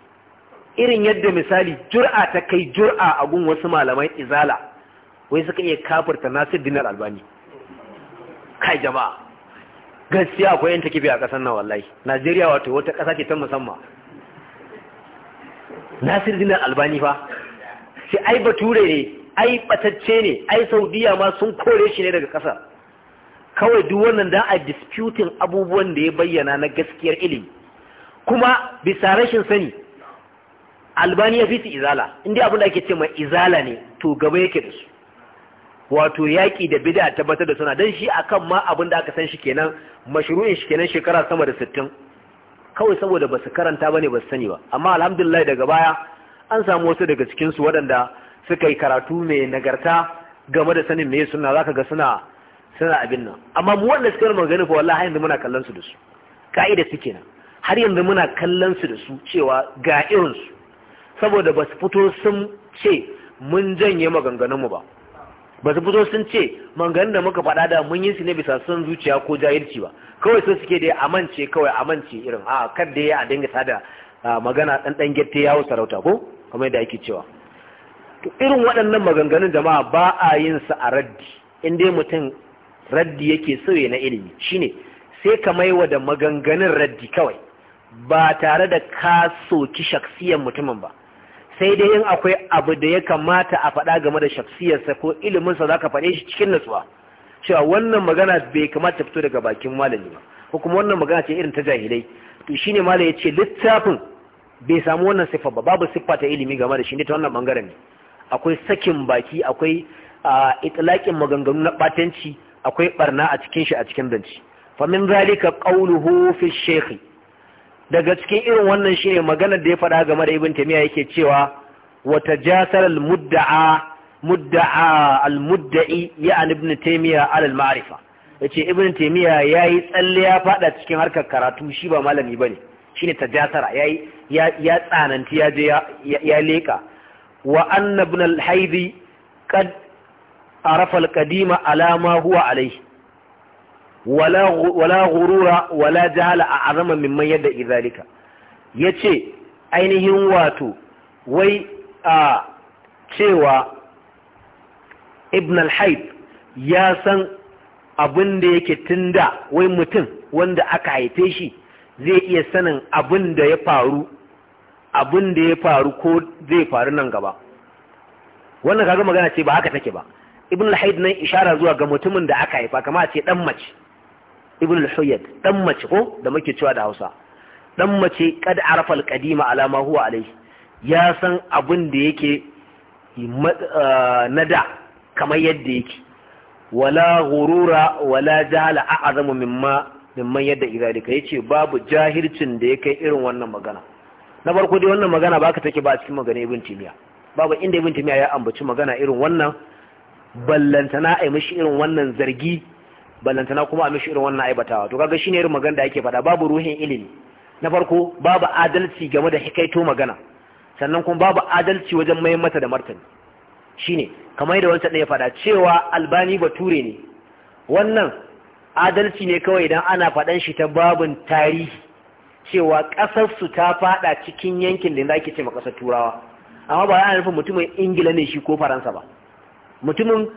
irin yadda misali jur'a ta kai jur'a a gun wasu malamai izala wai suka iya kafirta nasir dinar albani kai jama'a gaskiya akwai yanta kifi a ƙasar na wallahi najeriya wato wata ƙasa ce ta musamman nasir dinar albani fa sai ai bature ne ai batacce ne ai saudiya ma sun kore shi ne daga ƙasar kawai duk wannan da a disputing abubuwan da ya bayyana na gaskiyar ilimi kuma bisa rashin sani albani ya fi su izala inda abin da ake ce mai izala ne to gaba yake da su wato yaƙi da bid'a tabbatar da suna don shi akan ma abin da aka san shi kenan mashiruin shi kenan shekara sama da sittin kawai saboda ba su karanta ba ne ba su sani ba amma alhamdulillah daga baya an samu wasu daga cikinsu waɗanda suka yi karatu mai nagarta game da sanin mai suna za ka ga suna suna abin nan amma mu wanda suka rama gani fa wallahi yanzu muna kallon su da su ka'ida su kenan har yanzu muna kallon su da su cewa ga irinsu, saboda ba su fito sun ce mun janye maganganun mu ba ba su fito sun ce manganin da muka faɗa da mun yi su ne bisa son zuciya ko jahilci ba kawai sun suke da amince kawai amince irin a kan da ya a dinga sada magana ɗanɗan ɗan gette yawo sarauta ko kamar yadda ake cewa to irin waɗannan maganganun jama'a ba a yin su a raddi in dai mutum raddi yake sauye na ilimi shine sai ka maiwa da maganganun raddi kawai ba tare da ka soki shaksiyan mutumin ba sai dai yin akwai abu da ya kamata a faɗa game da shafsiyarsa ko iliminsa za ka faɗe shi cikin natsuwa cewa wannan magana bai kamata fito daga bakin malami ba ko kuma wannan magana ce irin ta jahilai to shine malam ya ce littafin bai samu wannan siffa ba babu siffa ta ilimi game da shi ne ta wannan bangaren ne akwai sakin baki akwai itlaƙin maganganu na batanci akwai ɓarna a cikin shi a cikin zanci famin zalika qawluhu fi shaykh daga cikin irin wannan shi ne maganar da ya faɗa game da ibn tamiya yake cewa wata jasar al-mudda'a mudda'a al-mudda'i ya an ibn tamiya alal ma'rifa yace ibn tamiya yayi tsalle ya faɗa cikin harkar karatu shi ba malami bane shine tajasara yayi ya ya tsananti ya je ya leka wa anna ibn al-haidi qad arafa al-qadima ala ma huwa alayhi wala gurura wala jahala a azama mimman yadda izalika ya ce ainihin wato wai a cewa ibn al-haib ya san abin da yake tunda wai mutum wanda aka haife shi zai iya sanin abin da ya faru abin da ya faru ko zai faru nan gaba wannan kaga magana ce ba haka take ba ibn al-haid nan ishara zuwa ga mutumin da aka haifa kama ce dan mace ibn al huyad dan mace ko da muke cewa da Hausa dan mace kad arafa al-qadima ala ma huwa alai ya san abin da yake eh, nada kamar yadda yake wala ghurura wala jahala a'zamu mimma mimman yadda idalika yace babu jahircin da yake irin wannan magana na farko dai wannan magana baka take ba cikin magana ibn timiya babu inda ibn timiya ya ambaci magana irin wannan ballantana ai mishi irin wannan zargi ballantana kuma a mishi irin wannan aibatawa to kaga shine irin magana da yake faɗa babu ruhin ilimi na farko babu adalci game da hikaito magana sannan kuma babu adalci wajen mai mata da martani shine kamar yadda wancan ya faɗa cewa albani bature ne wannan adalci ne kawai idan ana faɗan shi ta babin tarihi cewa ƙasar su ta faɗa cikin yankin da ake ce ma ƙasar turawa amma ba za a nufin mutumin ingila ne shi ko faransa ba mutumin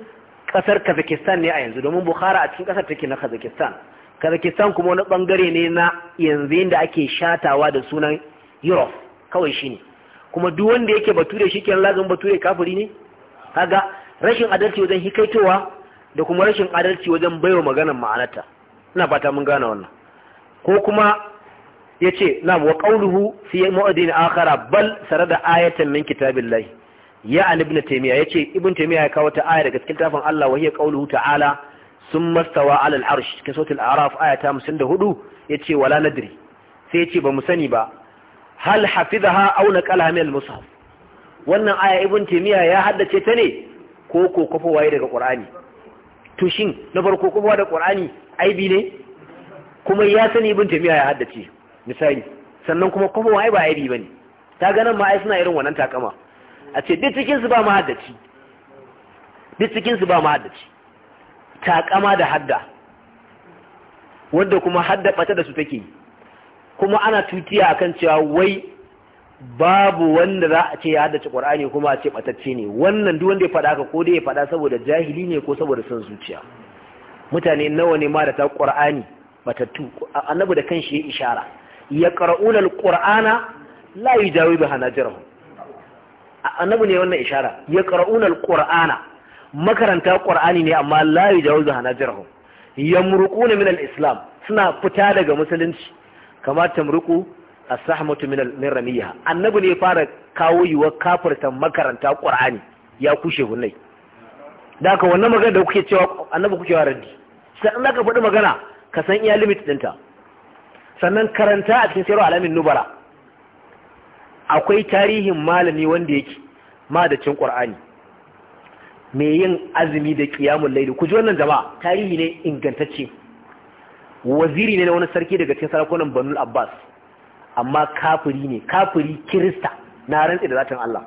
kasar Kazakhstan ne a yanzu domin Bukhara a cikin kasar take na kazakistan Kazakhstan kuma wani bangare ne na yanzu inda ake shatawa da sunan Europe kawai shine kuma duk wanda yake bature shi kenan lazim bature kafiri ne kaga rashin adalci wajen hikaitowa da kuma rashin adalci wajen baiwa maganar ma'anarta ina fata mun gane wannan ko kuma yace na wa qawluhu fi mu'adin akara bal sarada ayatan min kitabillahi ya an ibn taymiya yace ibn taymiya ya kawo ta aya daga cikin tafin Allah wa hiya qawluhu ta'ala summa stawa 'ala al-arsh cikin suratul a'raf aya ta 54 yace wala nadri sai yace ba mu sani ba hal hafizaha aw naqala min al-mushaf wannan aya ibn taymiya ya haddace ta ne ko ko kofowa daga qur'ani to shin na farko kofowa daga qur'ani aibi ne kuma ya sani ibn taymiya ya haddace misali sannan kuma kofowaye ba aibi bane ta ganin ma ai suna irin wannan takama a ce duk cikinsu ba mahaddaci duk cikinsu ba mahaddaci takama da hadda wanda kuma hadda ɓata da su take kuma ana tutiya akan cewa wai babu wanda za a ce ya haddace ƙwar'ani kuma a ce ɓatacce ne wannan duk wanda ya faɗa ka ko dai ya faɗa saboda jahili ne ko saboda son zuciya mutane nawa ne ma da ta ƙwar'ani batattu annabi da kanshi ya ishara ya ƙara'unar ƙwar'ana la yi jawi annabi ne wannan ishara ya qara'una alqur'ana makaranta qur'ani ne amma la yajawzu hanajirhum yamruquna min alislam suna fita daga musulunci kama tamruqu as-sahmatu min al-ramiha annabi ne fara kawo yiwa kafirta makaranta qur'ani ya kushe hunai da ka wannan magana da kuke cewa annabi kuke wa raddi sai an ka faɗi magana ka san iya limit ɗinta sannan karanta a cikin sayarwa alamin nubara akwai tarihin malami wanda yake madacin ƙwar'ani mai yin azumi da ƙiyamun laidu ku ji wannan jama'a tarihi ne ingantacce waziri ne na wani sarki daga cikin sarakunan Banul Abbas amma kafiri ne kafiri kirista na rantsi da zatin Allah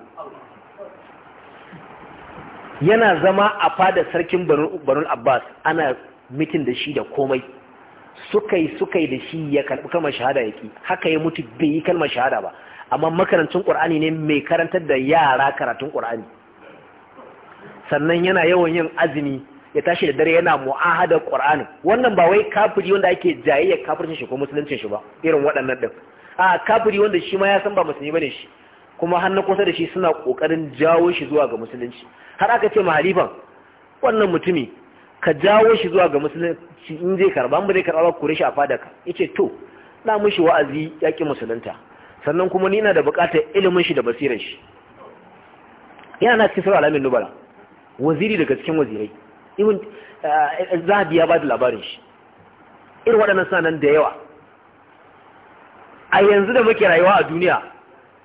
yana zama a fada sarkin Banul Abbas ana mitin da shi da komai sukai sukai da shi ya karbi kalmar shahada ki haka ya mutu bai yi kalmar shahada ba amma makarancin ƙur'ani ne mai karantar da yara karatun ƙur'ani sannan yana yawan yin azumi ya tashi da dare yana mu'ahadar ƙur'ani wannan ba wai kafiri wanda ake jayayyar kafircin shi ko musuluncin shi ba irin waɗannan ɗin a kafiri wanda shi ma ya san ba musulmi bane shi kuma har na kusa da shi suna ƙoƙarin jawo shi zuwa ga musulunci har aka ce mahalifan wannan mutumi ka jawo shi zuwa ga musulunci in zai karba mu zai karba ba kure shi a fadaka yace to na mushi wa'azi yaƙi musulunta sannan kuma ni na da bukatar ilimin shi da basirar shi yana na cikin alamin nubara waziri daga cikin wazirai ibn eh, zahabi ya ba da labarin shi irin waɗannan suna da yawa a yanzu da muke rayuwa a duniya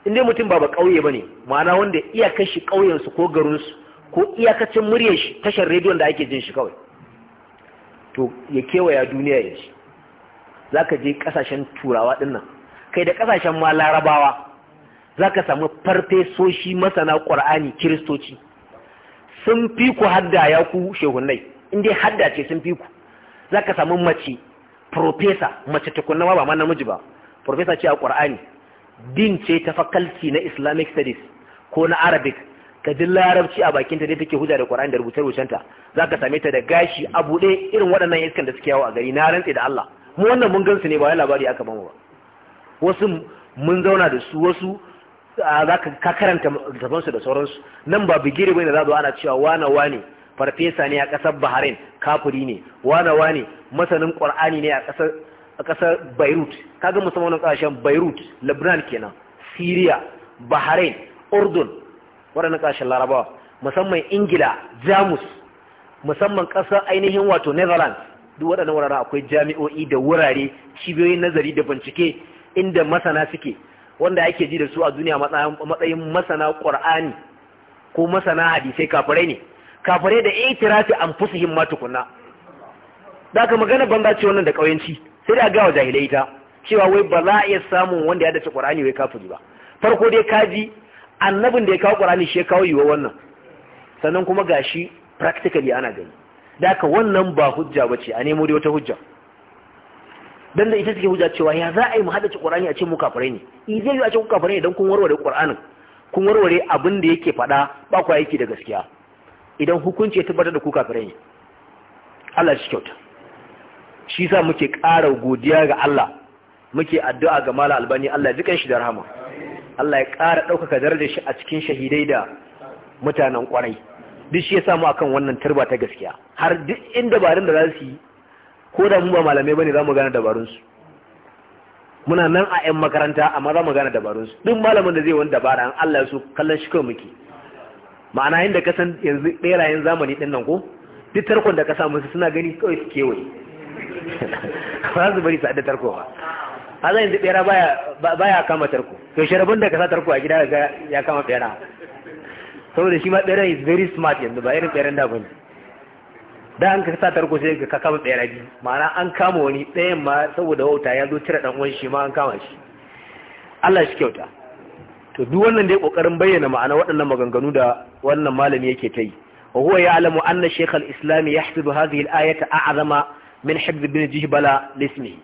inda mutum ba ba ƙauye ba ne ma'ana wanda iyakar shi ƙauyensu ko garinsu ko iyakacin murya shi tashar rediyon da ake jin shi kawai to ya kewaya duniya ya shi za ka je ƙasashen turawa ɗin kai da kasashen ma larabawa za ka samu farfesoshi masana ƙwar'ani kiristoci sun fi ku hadda ya ku shehunai inda hadda ce sun fi ku za ka samu mace profesa mace tukunna ba ma namiji ba profesa ce a ƙwar'ani din ce ta fakalci na islamic studies ko na arabic ka ji larabci a bakinta dai take hujja da ƙwar'ani da rubuce-rubucenta za ka same ta da gashi a buɗe irin waɗannan iskan da suke yawo a gari na rantse da allah mu wannan mun gansu ne ba wai labari aka bamu ba wasu mun zauna da su wasu za ka karanta littafansu da sauransu nan ba bigire bane za zo ana cewa wane wane farfesa ne a ƙasar bahrain kafuri ne wane wane masanin ƙwar'ani ne a ƙasar beirut kaga musamman wani ƙasashen beirut lebanon kenan syria bahrain urdun waɗannan ƙasashen larabawa musamman ingila jamus musamman ƙasar ainihin wato netherlands duk waɗannan wuraren akwai jami'o'i da wurare cibiyoyin nazari da bincike inda masana suke wanda ake ji da su a duniya matsayin masana qur'ani ko masana hadisai kafirai ne kafirai da itirafi an fusuhin ma tukunna da aka magana banza ce wannan da ƙauyenci, sai da gawa jahilai ta cewa wai ba za a iya samun wanda ya dace ƙwar'ani wai kafiri ba farko dai kaji annabin da ya kawo ƙwar'ani shi ya kawo yiwa wannan sannan kuma gashi practically ana gani da aka wannan ba hujja ba ce a nemo dai wata hujja dan da ita take huja cewa ya za a yi mu haddace Qur'ani a ce mu kafirai ne i eh, zai yi a ce ku kafirai idan kun warware Qur'anin kun warware abin da yake fada ba ku aiki da gaskiya idan hukunci ya tabbatar da ku kafirai ne Allah shi kyauta shi sa muke ƙara godiya ga Allah muke addu'a ga Malam Albani Allah ya jikan shi da rahama Allah ya ƙara ɗaukaka darajar shi a cikin shahidai da mutanen ƙwarai duk shi ya samu akan wannan turba ta gaskiya har duk inda barin da za su yi ko da mu ba malamai bane za mu gane su muna nan a 'yan makaranta amma za mu gane su duk malamin da zai wani dabara an Allah su kallon shi kawai muke ma'ana inda ka san yanzu berayen zamani ɗin nan ko duk tarkon da ka sa musu suna gani kawai su kewaye ba su bari su haɗa tarko ba a zan yanzu ɓera baya kama tarko to sharabin da ka sa tarko a gida ya kama ɗera saboda shi ma ɗera is very smart yanzu ba irin ɗera da bane da an ka sa tarko sai ka kama tsayar ma'ana an kama wani ɗayan ma saboda wauta ya zo cire ɗan uwan shi ma an kama shi Allah shi kyauta to duk wannan da ya kokarin bayyana ma'ana waɗannan maganganu da wannan malami yake ta yi wa huwa ya'lamu anna shaykh al-islam yahsibu hadhihi al-ayata a'zama min hibd ibn jihbala lismihi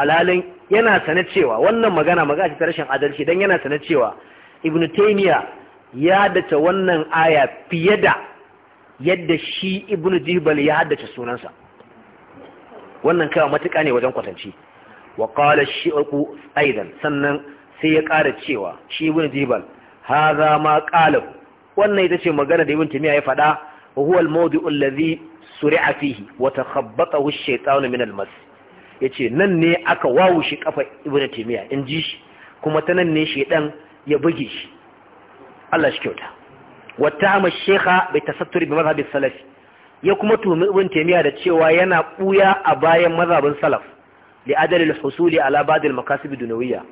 alalin yana sanar cewa wannan magana magana ta rashin adalci dan yana sanar cewa ibn taymiya ya wannan aya fiye da yadda shi Ibn jibal ya haddace sunansa wannan kawo matuka ne wajen kwatance wa shi uku aidan sannan sai ya ƙara cewa shi Ibn jibal za ma qala wannan ita ce magana da ibnu timiya ya faɗa wa huwa al-mawdi'u alladhi a fihi wata takhabbatahu ash-shaytanu min almas ya yace nan ne aka wawu shi kafa Ibn timiya in ji shi kuma ta nan ne shedan ya buge shi Allah shi kyauta wattahama ash bai ta tasatturi bi madhhab salaf ya kuma tuhumi ibn taymiya da cewa yana buya a bayan mazhabin salaf li adalil husuli ala ba'd al-makasib dunawiyya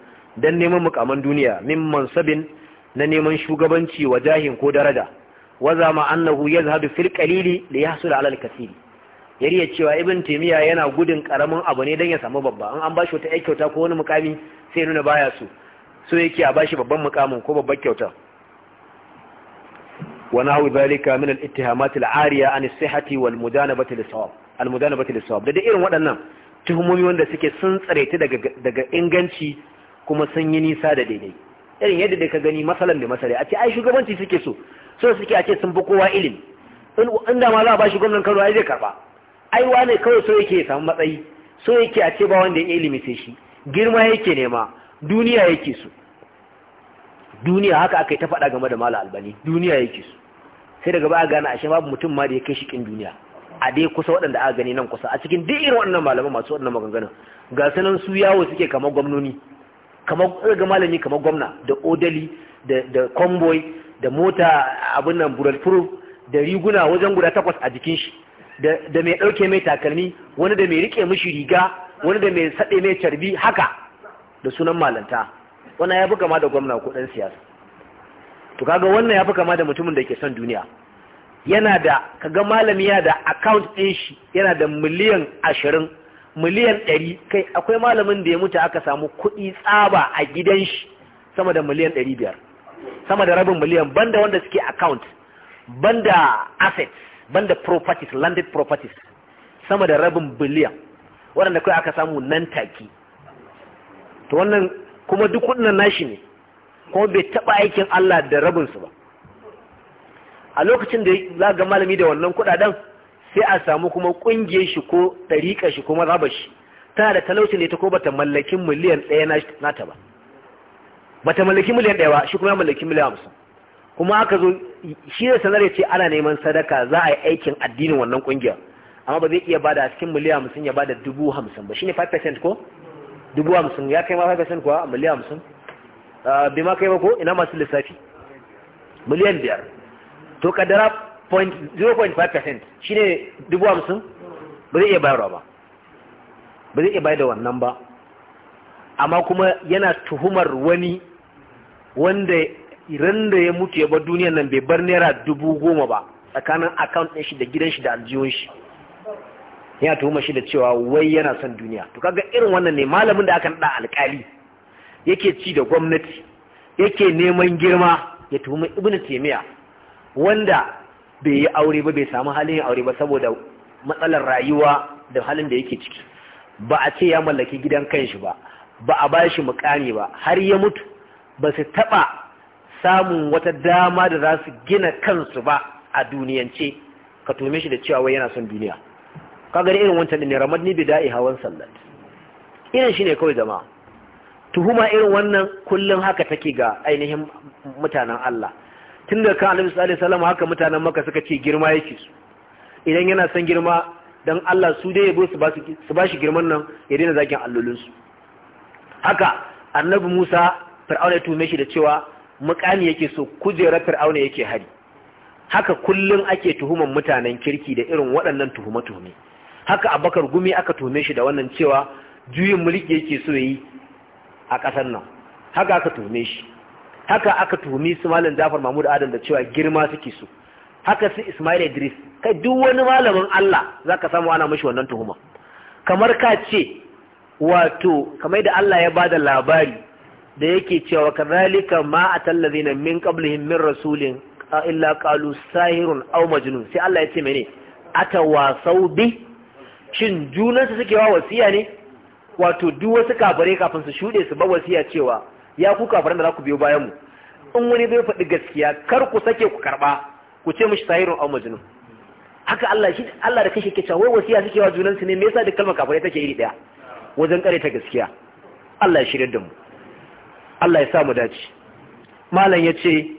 dan neman mukaman duniya min mansabin na neman shugabanci wa jahin ko daraja waza ma annahu yazhadu fil qalili li yahsul ala al-kathiri yariya cewa ibn taymiya yana gudun karamin abu ne dan ya samu babba an an bashi wata kyauta ko wani mukami sai nuna baya so so yake a bashi babban mukamin ko babbar kyauta ونحو ذلك من الاتهامات العارية عن الصحة والمدانبة للصواب a للصواب da irin waɗannan tuhumomi wanda suke sun tsareta daga inganci kuma sun nisa da daidai irin yadda da ka gani masalan da masale a ce ai shugabanci suke so so suke a ce sun fi kowa ilimi inda ma za ba shi gwamnan Kano ai zai karba ai wane kawai so yake ya samu matsayi so yake a ce ba wanda ya ilimi sai shi girma yake nema duniya yake so duniya haka aka yi ta faɗa game da mala albani duniya yake so sai daga baya gane ashe babu mutum ma da ya kai shi kin duniya a dai kusa waɗanda aka gani nan kusa a cikin duk irin wannan malaman masu waɗannan maganganun ga sanan su yawo suke kamar gwamnoni kamar ga malami kamar gwamna da odali da da convoy da mota abin nan bulletproof da riguna wajen guda takwas a jikin shi da mai dauke mai takalmi wani da mai rike mishi riga wani da mai sade mai carbi haka da sunan malanta wannan ya buga ma da gwamna ko dan siyasa to kaga wannan ya fi kama da mutumin da ke son duniya yana da kaga malami ya da account ɗin shi yana da miliyan ashirin miliyan ɗari kai akwai malamin da ya mutu aka samu kuɗi tsaba a gidan shi sama da miliyan ɗari biyar sama da rabin miliyan banda wanda suke account banda assets banda properties landed properties sama da rabin biliyan waɗanda kai aka samu nan taki. to wannan kuma duk wannan nashi ne ko bai taɓa aikin Allah da su ba a lokacin da za ga malami da wannan kuɗaɗen sai a samu kuma ƙungiyar shi ko tariƙar shi kuma rabar shi tana da talaucin da ta ko bata mallaki miliyan ɗaya ta ba bata mallaki miliyan ɗaya ba shi kuma ya mallaki miliyan hamsin kuma aka zo shi da sanar ya ce ana neman sadaka za a yi aikin addinin wannan ƙungiyar amma ba zai iya bada a cikin miliyan hamsin ya bada dubu hamsin ba shine 5% ko dubu hamsin ya kai ma 5% kuwa miliyan hamsin Ah, Bima ma kai ko ina masu lissafi miliyan biyar to kadara 0.5% shine dubu hamsin ba zai iya bayarwa ba ba zai iya bayar da wannan ba amma kuma yana tuhumar wani wanda ran da ya mutu ya bar duniyan nan bai bar naira dubu goma ba tsakanin account ɗin shi da gidan shi da aljihun shi yana tuhumar shi da cewa wai yana son duniya to kaga irin wannan ne malamin da aka naɗa alƙali yake ci da gwamnati yake neman girma ya tuhumi ibn taymiya wanda bai yi aure ba bai samu halin yin aure ba saboda matsalar rayuwa da halin da yake ciki ba a ce ya mallaki gidan kanshi ba ba a ba shi mukami ba har ya mutu ba su taɓa samun wata dama da za su gina kansu ba a duniyance ka tuhume shi da cewa wai yana son duniya ka gani irin wancan ne ramad ni da'i hawan sallat irin shine kawai jama'a tuhuma irin wannan kullum haka take ga ainihin mutanen Allah tun da kan alaihi sallallahu alaihi haka mutanen maka suka ce girma yake su idan yana son girma dan Allah su dai yabo su ba shi girman nan ya daina zagin su haka annabi Musa fir'auna ya tume shi da cewa mukami yake so kujerar fir'auna yake hari haka kullum ake tuhuman mutanen kirki da irin waɗannan tuhuma tuhume haka abakar gumi aka tuhume shi da wannan cewa juyin mulki yake so yi a ƙasar nan haka aka tuhume shi haka aka tuhumi su malam Jafar Mahmud Adam da cewa girma suke su haka su Ismail Idris kai duk wani malamin Allah za ka samu ana mashi wannan tuhuma kamar ka ce wato kamai da Allah ya ba da labari da yake cewa kazalika ma na min qablihim min rasulin illa qalu sahirun aw majnun sai Allah ya ce mene atawasau bi shin junansu suke wa wasiya ne wato duk wasu kabare kafin su shuɗe su ba wasiya cewa ya ku kafiran da za ku biyo bayan mu in wani zai faɗi gaskiya kar ku sake ku karɓa ku ce mishi tahirun aw majnun haka Allah shi Allah da kashe kica wai wasiya suke wa su ne me yasa duk kalmar kafare take iri daya wajen kare ta gaskiya Allah ya shirye da mu Allah ya sa mu dace malam yace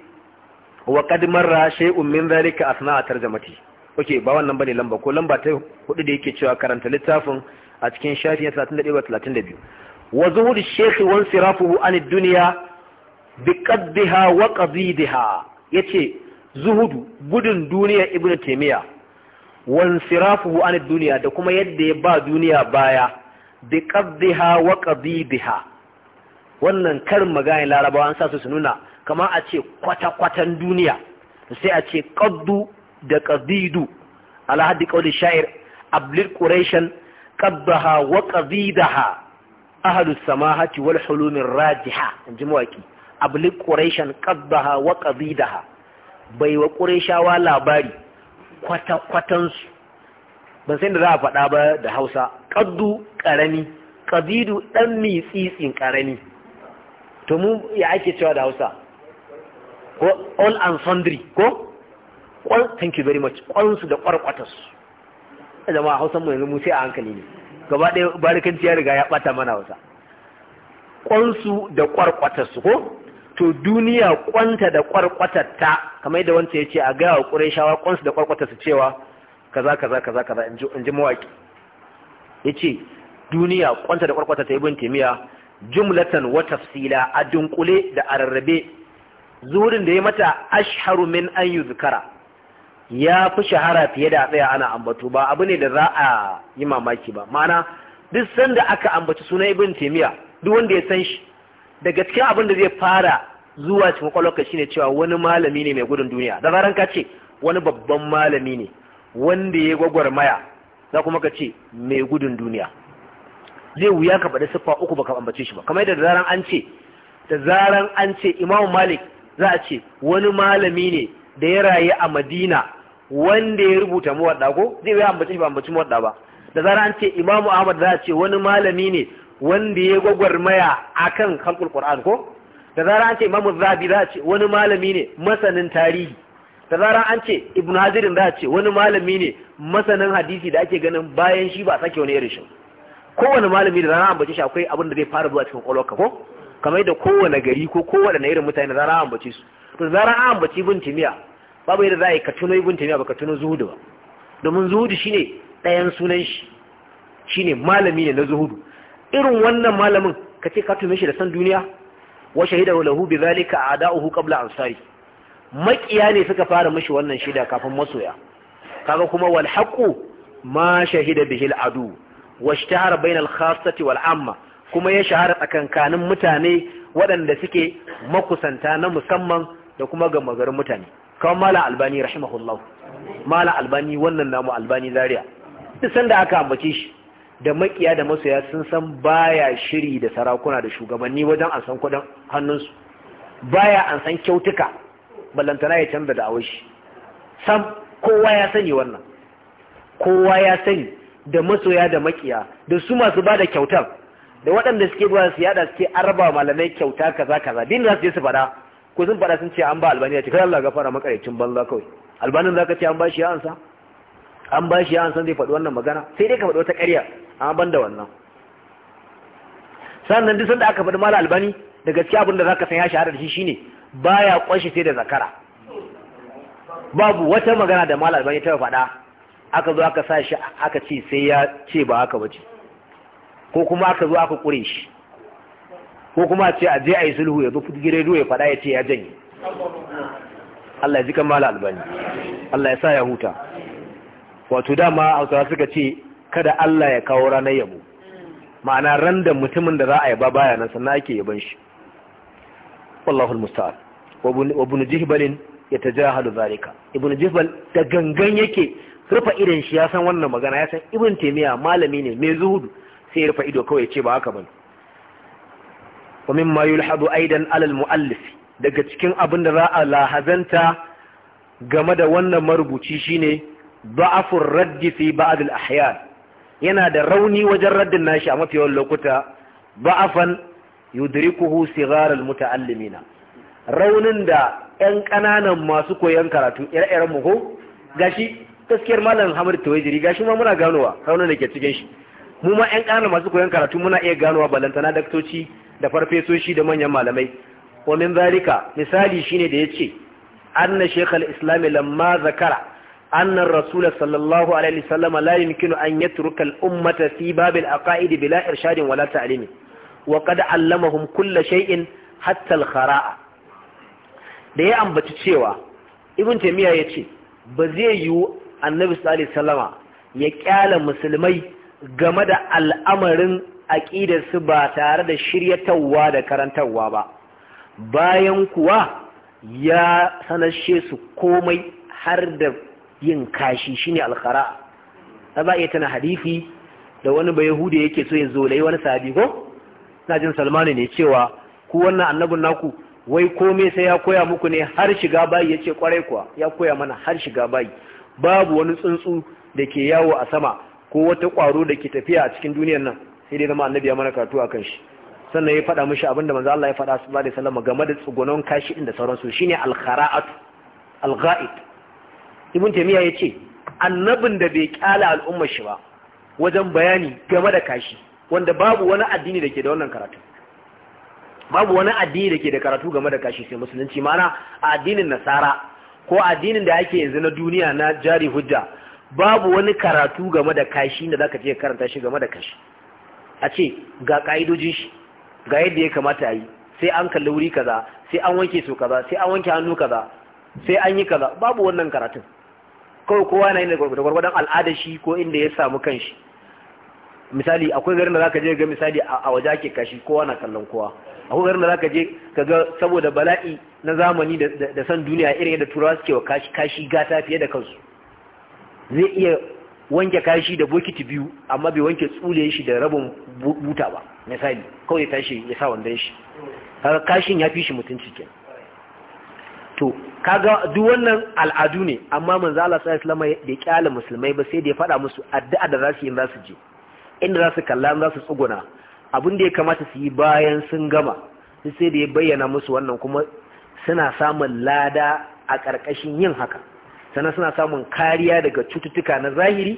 wa qad marra shay'un min zalika asna'a tarjamati okay ba wannan bane lamba ko lamba ta hudu da yake cewa karanta littafin a cikin shafi na da 32 wa zuhudu shekhi wan sirafuhu an duniya bi qaddiha wa ce yace zuhudu gudun duniya ibnu taymiya wan sirafuhu an duniya da kuma yadda ya ba duniya baya bi qaddiha wa wannan karin magana larabawa an sa su su nuna kama a ce kwata-kwatan duniya sai a ce qaddu da qadidu ala haddi qawli sha'ir ablir quraishan qaddaha wa qabidaha ahlu samahati wal hulumin rajiha inji mawaƙi abli quraishan qaddaha wa qabidaha bai wa quraishawa labari kwata kwatansu ban san da za a faɗa ba da Hausa qaddu karami qabidu dan mitsitsin karami to mu ya ake cewa da Hausa ko all and sundry ko thank you very much kwansu da kwarkwatarsu jama'a hausan mu yanzu mu sai a hankali ne gaba ɗaya barikanci ya riga ya ɓata mana wasa ƙwansu da ƙwarƙwata su ko to duniya ƙwanta da ƙwarƙwata ta kamar yadda wancan ya ce a gaya wa ƙurayshawa ƙwansu da ƙwarƙwata su cewa kaza kaza kaza kaza in ji mawaƙi ya ce duniya ƙwanta da ƙwarƙwata yi ibn taimiyya jumlatan wa tafsila a dunkule da a rarrabe zuhurin da ya mata ashharu min an yuzkara ya fi shahara fiye da tsaya ana ambatu ba abu ne da za a yi mamaki ba ma'ana duk sanda aka ambaci suna ibn taimiya duk wanda ya san shi daga cikin abin da zai fara zuwa cikin kwakwalwarka shine cewa wani malami ne mai gudun duniya da zaran ka ce wani babban malami ne wanda ya gwagwarmaya za kuma ka ce mai gudun duniya zai wuya ka faɗi siffa uku baka ambace shi ba kamar yadda zaran an ce da zaran an ce imamu malik za a ce wani malami ne da ya raye a madina wanda ya rubuta muwadda ko zai yi ambaci ba ambaci muwadda ba da zara an ce imamu ahmad za a ce wani malami ne wanda ya gwagwarmaya akan halkul qur'an ko da zara an ce imamu zabi za a ce wani malami ne masanin tarihi da zara an ce ibn hazirin za a ce wani malami ne masanin hadisi da ake ganin bayan shi ba sake wani irin shi kowane malami da zara bace shi akwai abin da zai fara zuwa cikin kwalwarka ko kamar da kowane gari ko kowane irin mutane da zara bace su to zara bace bin timiya babu yadda za a yi ka tuno ibn taymiya ba ka tuno zuhudu ba domin zuhudu ne ɗayan sunan shi ne malami ne na zuhudu irin wannan malamin ka ce ka tume shi da san duniya wa shahida lahu bi zalika a'da'uhu qabla ansari maƙiya ne suka fara mashi wannan shida kafin masoya kaga kuma wal haqu ma shahida bihi al adu washtahara bainal khassati wal amma kuma ya shahara tsakankanin mutane waɗanda suke makusanta na musamman da kuma gamagarin mutane kan mala albani rahimahullahu mala albani wannan namu albani zaria duk sanda aka ambace shi da makiya da masoya sun san baya shiri da sarakuna da shugabanni wajen an san kudin hannunsu baya an san kyautuka ballantana ya canza da awashi sam kowa ya sani wannan kowa ya sani da masoya da makiya da su masu ba da kyautar da waɗanda suke ba su yada suke arba malamai kyauta kaza kaza din za su je su fada ko sun fada sun ce an ba albani ya ce kai Allah ga fara makarecin banza kawai albanin zaka ce an ba shi ya ansa an ba shi ya ansa zai faɗi wannan magana sai dai ka faɗi wata ƙarya an ban da wannan sannan duk sanda aka faɗi malam albani da gaskiya abin da zaka san ya shahara da shi shine baya kwashi sai da zakara babu wata magana da malam albani ta faɗa aka zo aka sa shi aka ce sai ya ce ba haka ba ce ko kuma aka zo aka kure shi ko kuma ce a je a yi sulhu ya zo ruwa ya faɗa ya ce ya janye Allah ya ji kammala albani Allah ya sa ya huta wato dama hausawa suka ce kada Allah ya kawo ranar yabo ma'ana ran da mutumin da za a yaba baya nan sannan ake yaban shi wallahu almusta'an wa ibn jihbal yatajahalu zalika ibn jihbal da gangan yake rufa idon shi ya san wannan magana ya san ibn taymiya malami ne mai zuhudu sai ya rufa ido kawai ya ce ba haka bane wa mimma yulhadu aidan alal muallif daga cikin abin da za a lahazanta game da wannan marubuci shine ba'afun raddi fi ba'd al yana da rauni wajen raddin nashi a mafi yawan lokuta da'afan yudrikuhu sigar al raunin da ƴan ƙananan masu koyon karatu ire-iren mu gashi gaskiyar malam Hamad Tawajiri gashi ma muna ganowa raunin da ke cikin shi mu ma ƴan ƙananan masu koyon karatu muna iya ganowa balantana daktoci da farfesoshi da manyan malamai wa zalika misali shine da yace anna shaykh al-islam lamma zakara anna ar-rasul sallallahu alaihi wasallam la yumkinu an yatruka al-ummata fi bab al-aqaid bila irshadin wala ta'lim wa qad allamahum kull shay'in hatta al-khara'a da ya ambaci cewa ibn taymiya yace ba zai yiwu annabi sallallahu alaihi wasallama ya kyala musulmai game da al'amarin su ba tare da shiryatarwa da karantarwa ba bayan kuwa ya sanashe su komai har da yin kashi shine alkhara ta ba iya tana hadifi da wani ba yahuda yake so ya zo yi wani sahabi ko na jin salmanu ne cewa ku wannan annabin naku wai komai sai ya koya muku ne har shiga bayi ya ce kwarai kuwa ya koya mana har shiga bayi babu wani tsuntsu da ke yawo a sama ko wata ƙwaro da ke tafiya a cikin duniyar nan sai dai zama annabi ya mana karatu kan shi sannan ya faɗa mishi abinda manzo Allah ya faɗa ba da sallama. game da tsugunon kashi din da sauransu shine al-khara'at al-gha'id ibn taymiya yace annabin da bai kyala al'ummar shi ba wajen bayani game da kashi wanda babu wani addini da ke da wannan karatu babu wani addini da ke da karatu game da kashi sai musulunci mana a addinin nasara ko addinin da ake yanzu na duniya na jari hujja babu wani karatu game da kashi da zaka je karanta shi game da kashi a ce ga ƙa'idojin shi ga yadda ya kamata a yi sai an kalli wuri kaza sai an wanke su kaza sai an wanke hannu kaza sai an yi kaza babu wannan karatun kawai kowa na yin da gwargwadon al'adar shi ko inda ya samu kanshi misali akwai garin da zaka je ga misali a waje ake kashi kowa na kallon kowa akwai garin da zaka je ka ga saboda bala'i na zamani da san duniya irin yadda turawa suke wa kashi gata fiye da kansu zai iya wanke kashi da bokiti biyu amma bai wanke tsule shi da rabin buta ba misali kawai ya tashi ya sa wanda shi kaga kashin ya fi shi mutunci kenan to kaga duk wannan al'adu ne amma manzo Allah sallallahu alaihi wasallam kyale musulmai ba sai da ya faɗa musu addu'a da za yi zasu je inda zasu kalla zasu tsuguna abin da ya kamata su yi bayan sun gama sai da ya bayyana musu wannan kuma suna samun lada a ƙarƙashin yin haka sannan suna samun kariya daga cututtuka na zahiri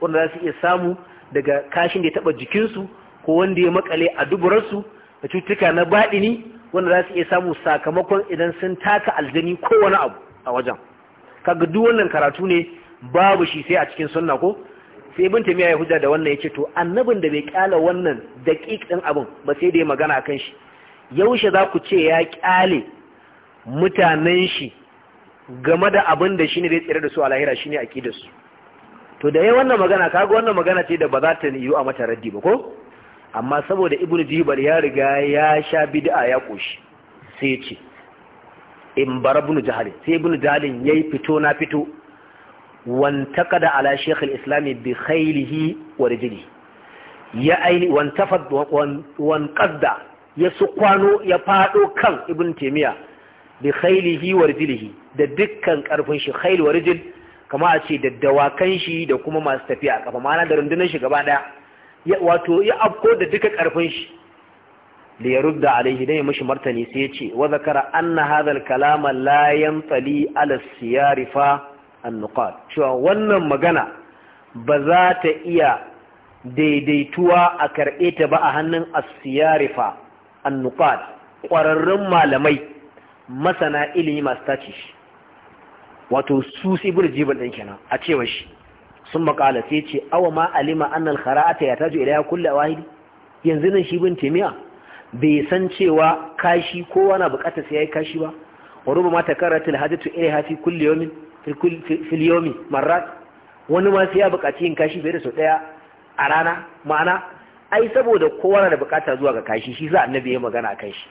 wanda za su iya samu daga kashin da ya taba jikinsu ko wanda ya makale a duburarsu da cututtuka na baɗini wanda za su iya samu sakamakon idan sun taka aljani ko wani abu a wajen kaga duk wannan karatu ne babu shi sai a cikin sunna ko sai ibn tamiya ya hujja da wannan yace to annabin da bai kyala wannan daqiq din abin ba sai da ya magana akan shi yaushe za ku ce ya kyale mutanen shi game da abin da shi ne zai tsira da su a lahira shi shine a su to da yayin wannan magana kaga wannan magana ce da ba za ta yiwu a mata raddi ba ko amma saboda Ibn Jibar ya riga ya sha bid'a ya koshi sai ya ce in bar ibn jahal sai ibnu ya yayi fito na fito Islam bi وانتقد على شيخ الإسلام بخيله ورجله يا ya su kwano ya fado kan Ibn تيمية bi khailihi wa rijlihi da dukkan karfin shi khail wa rijl kama a ce da dawakan shi da kuma masu tafiya kafa ma'ana da rundunar shi gaba daya wato ya afko da duka karfin shi li yarudda alaihi dai mishi martani sai ya ce wa zakara anna hadha al-kalama la yantali ala siyarifa an-nuqat cewa wannan magana ba za ta iya daidaituwa a karɓe ta ba a hannun an annuqat ƙwararrun malamai masana ilimi masu tace shi wato su bude jibin ɗin kenan a cewar shi sun makala sai ce awa ma alima annal khara'ata ya taju ila ya kulle wahidi yanzu nan shi bin taimiya bai san cewa kashi kowa na bukatar sai yayi kashi ba wa rubama takarrat alhajatu ilayha fi kulli yawmin fil yawmi marrat wani ma sai ya bukaci yin kashi bai da sau daya a rana ma'ana ai saboda kowa na da bukata zuwa ga kashi shi a annabi ya magana kan shi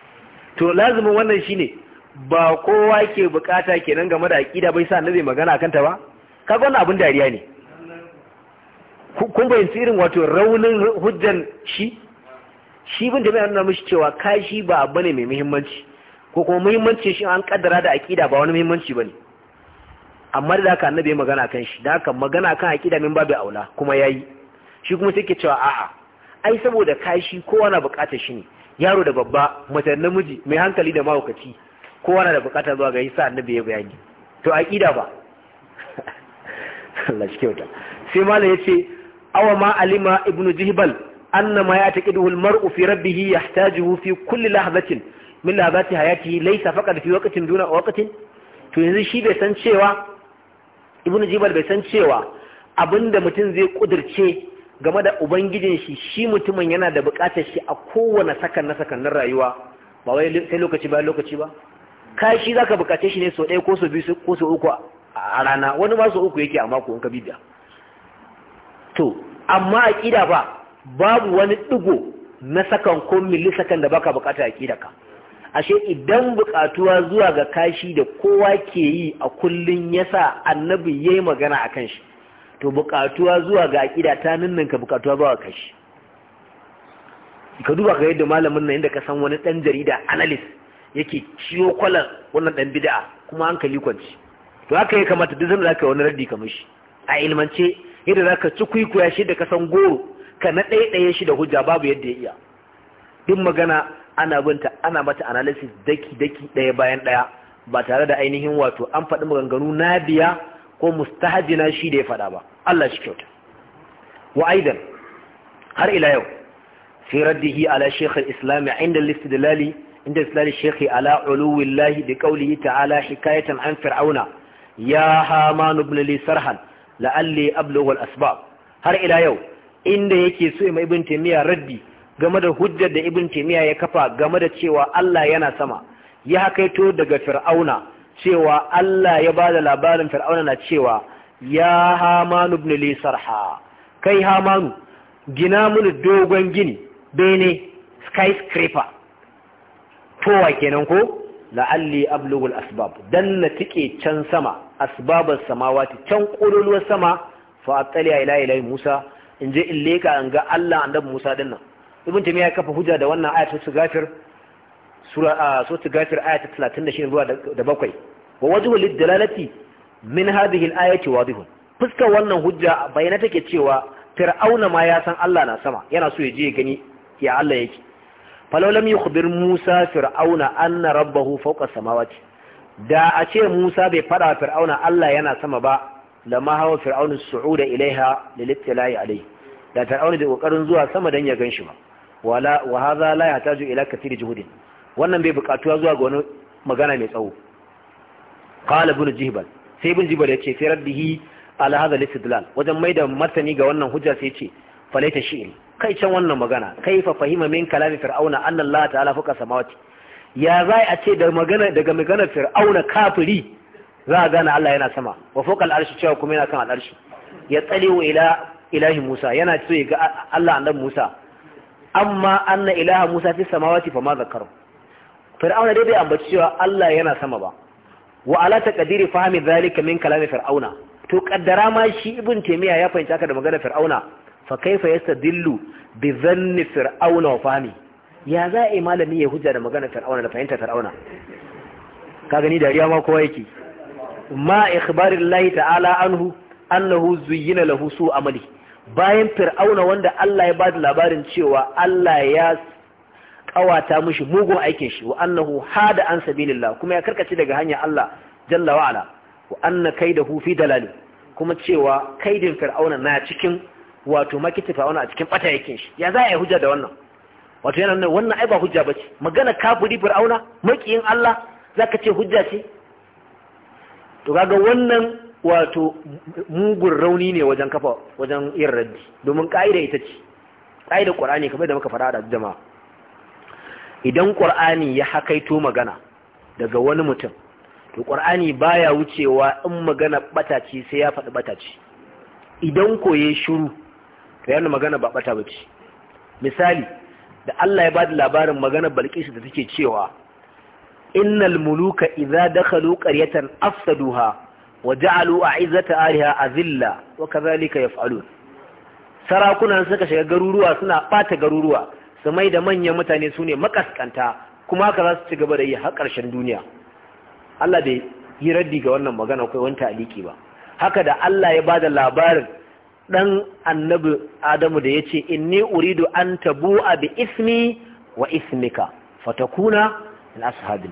to lazumin wannan shine ba kowa ke bukata kenan game da aqida bai sa annabi magana akan ta ba kaga wannan abin dariya ne kun bayyana irin wato raunin hujjan shi shi bin da mai nuna mishi cewa kashi ba abu ne mai muhimmanci ko kuma muhimmanci shi an kaddara da aqida ba wani muhimmanci bane amma da haka annabi magana kan shi da haka magana kan aqida min babu aula kuma yayi shi kuma sai ke cewa a'a ai saboda kashi kowa na bukatar shi ne yaro da babba mace namiji mai hankali da mahaukaci kowa na da bukatar zuwa ga yasa annabi ya bayani to aqida ba Allah shi kyauta sai malam yace awa ma alima ibnu jihbal annama ma ya'taqidu al-mar'u fi rabbih yahtajuhu fi kulli lahzatin min lahzati hayatihi laysa faqad fi waqtin duna waqtin to yanzu shi bai san cewa ibnu jihbal bai san cewa abinda mutum zai kudirce game da ubangijin shi shi mutumin yana da bukatar shi a kowane sakan na sakannin rayuwa ba wai sai lokaci ba lokaci ba kashi za ka bukace shi ne sau ɗaya ko sau biyu ko sau uku a rana wani ba sau uku yake a mako ka bibiya to amma a ƙida ba babu wani ɗigo na sakan ko sakan da baka bukata a ƙida ka ashe idan bukatuwa zuwa ga kashi da kowa ke yi a kullum sa annabi ya yi magana a kan shi to bukatuwa zuwa ga ƙida ta ninninka bukatuwa wa kashi ka duba ka yadda malamin nan inda ka san wani ɗan jarida analyst yake ciwo kwalan wannan ɗan bid'a kuma an hankali kwanci to haka ya kamata duk zan zaka wani raddi kamar shi a ilmance yadda zaka ci kwikwaya shi da kasan goro ka na ɗaya shi da hujja babu yadda ya iya duk magana ana binta ana mata analysis daki daki ɗaya bayan ɗaya ba tare da ainihin wato an faɗi maganganu na biya ko mustahajina shi da ya faɗa ba Allah shi kyauta wa aidan har ila yau fi raddihi ala shekhar islami islam inda listi dalali Inda عند ala الشيخ على علو da بقوله تعالى حكاية an fir'auna ya هامان بن لي sarhan La'alli أبلغ asbab har ila yau inda yake so ima ibn taymiya raddi game da hujjar da ibn taymiya ya kafa game da cewa Allah yana sama ya kaito daga fir'auna cewa Allah ya bada labarin fir'auna na cewa ya hamanu ibn sarha kai hamanu gina mun dogon gini bene skyscraper towa kenan ko la'alli ablugul asbab dan na tike can sama asbabas samawati can kololuwar sama fa attaliya ila ila musa in je in leka an ga Allah annabi musa dinnan ibn ibn ya kafa hujja da wannan ayatu gafir sura a sura gafir ayatu 36 zuwa da bakwai wa wajhu lidalalati min hadhihi al-ayati wadihun fuska wannan hujja bayyana take cewa fir'auna ma ya san Allah na sama yana so ya je gani ya Allah yake falolam yi kubir musa fir'auna an na rabbahu fauka samawati da a ce musa bai fada fir'auna allah yana sama ba lama hawa fir'aunu su'uda ilaiha lilittilai alai da fir'auna da kokarin zuwa sama dan ya shi ba wala wa hadha la yahtaju ila kathiri juhudin wannan bai bukatuwa zuwa ga wani magana mai tsawo qala ibn jihbal sai ibn jihbal yace fi raddihi ala hadha al-istidlal wajen mai da martani ga wannan hujja sai yace falaita shi'ri kai can wannan magana Kai fa fahima min kalami fir'auna anna Allah ta'ala fuka samawati ya za a ce da magana daga maganar fir'auna kafiri za a gane Allah yana sama wa fuka al'arshi cewa kuma yana kan al'arshi ya tsalewa ila ilahi Musa yana so ya ga Allah annabi Musa amma anna ilaha Musa fi samawati fa ma zakaru fir'auna dai bai ambaci cewa Allah yana sama ba wa ala taqdiri fahmi dhalika min kalami fir'auna to kaddara ma shi ibn taymiya ya fahimci haka da magana fir'auna fa kaifa dillu. bi dhanni fir'auna wa fami ya za a yi malami ya hujja da magana fir'auna da fahimta fir'auna ka gani dariya ma kowa yake ma ikhbarillahi ta'ala anhu annahu zuyyina lahu su amali bayan fir'auna wanda Allah ya bada labarin cewa Allah ya kawata mishi mugun aikin shi wa annahu hada an sabilillah kuma ya karkace daga hanya Allah jalla wa ala wa anna kaidahu fi dalali kuma cewa kaidin fir'auna na cikin wato makiti fa a cikin bata yakin shi ya za a yi hujja da wannan wato yana nan wannan ai ba hujja bace magana kafiri fir'auna makiyin Allah zaka ce hujja ce to kaga wannan wato mugun rauni ne wajen kafa wajen yin raddi domin ka'ida ita ce ka'ida qur'ani kamar da muka fara da jama'a idan qur'ani ya hakaito magana daga wani mutum to qur'ani baya wucewa in magana bata ce sai ya faɗi bata ce idan koye shiru da yana magana ba bata ba ce misali da Allah ya bada labarin magana balkisu da take cewa innal muluka idza dakhalu qaryatan afsaduha wa ja'alu a'izzata ahliha azilla wa kadhalika yaf'alun sarakuna suka shiga garuruwa suna ɓata garuruwa su mai da manyan mutane su ne makaskanta kuma ka za su ci gaba da yi har ƙarshen duniya Allah bai yi raddi ga wannan magana kai wani aliki ba haka da Allah ya ba da labarin ɗan annabi adamu da ya ce inni uridu an tabu a bi ismi wa ismika fatakuna in ashabin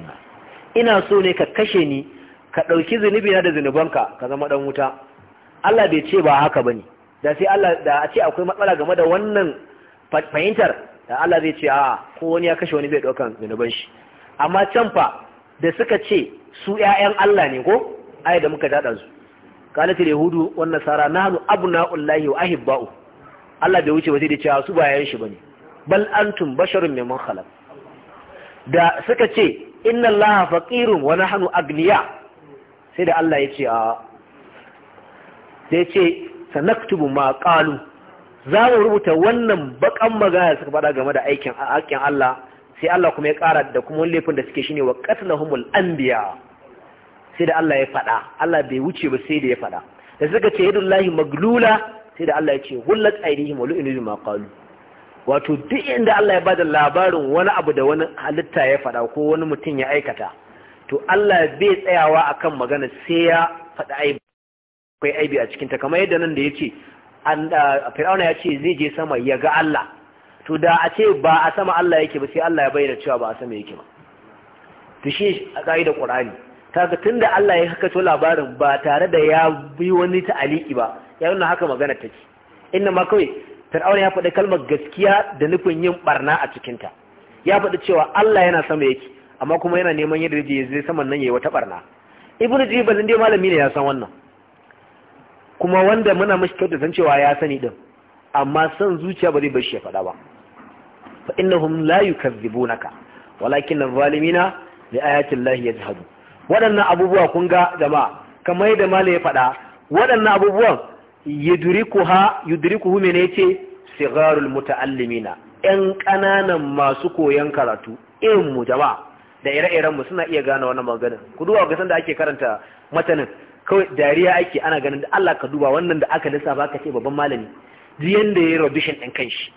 ina so ne ka kashe ni ka ɗauki zunubi na da zunubanka ka zama ɗan wuta Allah bai ce ba haka bane da sai Allah da a ce akwai matsala game da wannan fahimtar da Allah zai ce a ko wani ya kashe wani bai daukan zunuban shi amma can fa da suka ce su ƴaƴan Allah ne ko ai da muka dada su قالت اليهود والنصارى نحن ابناء الله واحباؤه Allah bai wuce ba sai da cewa su bayan shi bane bal antum basharun mimman khalaq da suka ce inna Allah faqirun wa nahnu agniya sai da Allah ya ce a sai ce sanaktubu ma qalu za mu rubuta wannan bakan magana suka faɗa game da aikin haƙƙin Allah sai Allah kuma ya ƙara da kuma laifin da suke shine wa qatlahumul anbiya sai da Allah ya faɗa Allah bai wuce ba sai da ya faɗa da suka ce yadullahi maglula sai da Allah ya ce hullat aidihim wa lu'inu ma qalu wato duk inda Allah ya bada labarin wani abu da wani halitta ya faɗa ko wani mutum ya aikata to Allah bai tsayawa akan magana sai ya faɗa aibi akwai aibi a cikin ta kamar yadda nan da ya an fir'auna ya ce zai je sama ya ga Allah to da a ce ba a sama Allah yake ba sai Allah ya bayyana cewa ba a sama yake ba to shi a ka'idar Qur'ani kaga tunda Allah ya hakato labarin ba tare da ya bi wani ta'aliki ba ya nuna haka magana take inna ma kawai fir'auna ya faɗi kalmar gaskiya da nufin yin barna a cikin ta ya faɗi cewa Allah yana sama yake amma kuma yana neman yadda je zai saman nan yayi wata barna ibnu jibal inda malami ne ya san wannan kuma wanda muna mishi kyauta san cewa ya sani din amma san zuciya ba zai bar shi ya faɗa ba fa innahum la yukazzibunaka walakin adh-dhalimina bi ayati llahi yajhadun waɗannan abubuwa kun ga jama'a kamar yadda mala ya faɗa waɗannan abubuwan yudurikuhu yudrikuhu mene ce sigarul muta'allimina 'yan ƙananan masu koyon karatu irin mu jama'a da ire-iren mu suna iya gane wannan maganin ku duba ga da ake karanta matanin kawai dariya ake ana ganin da Allah ka duba wannan da aka lissafa ka ce babban malami jiyan da ya yi rubishin ɗin kanshi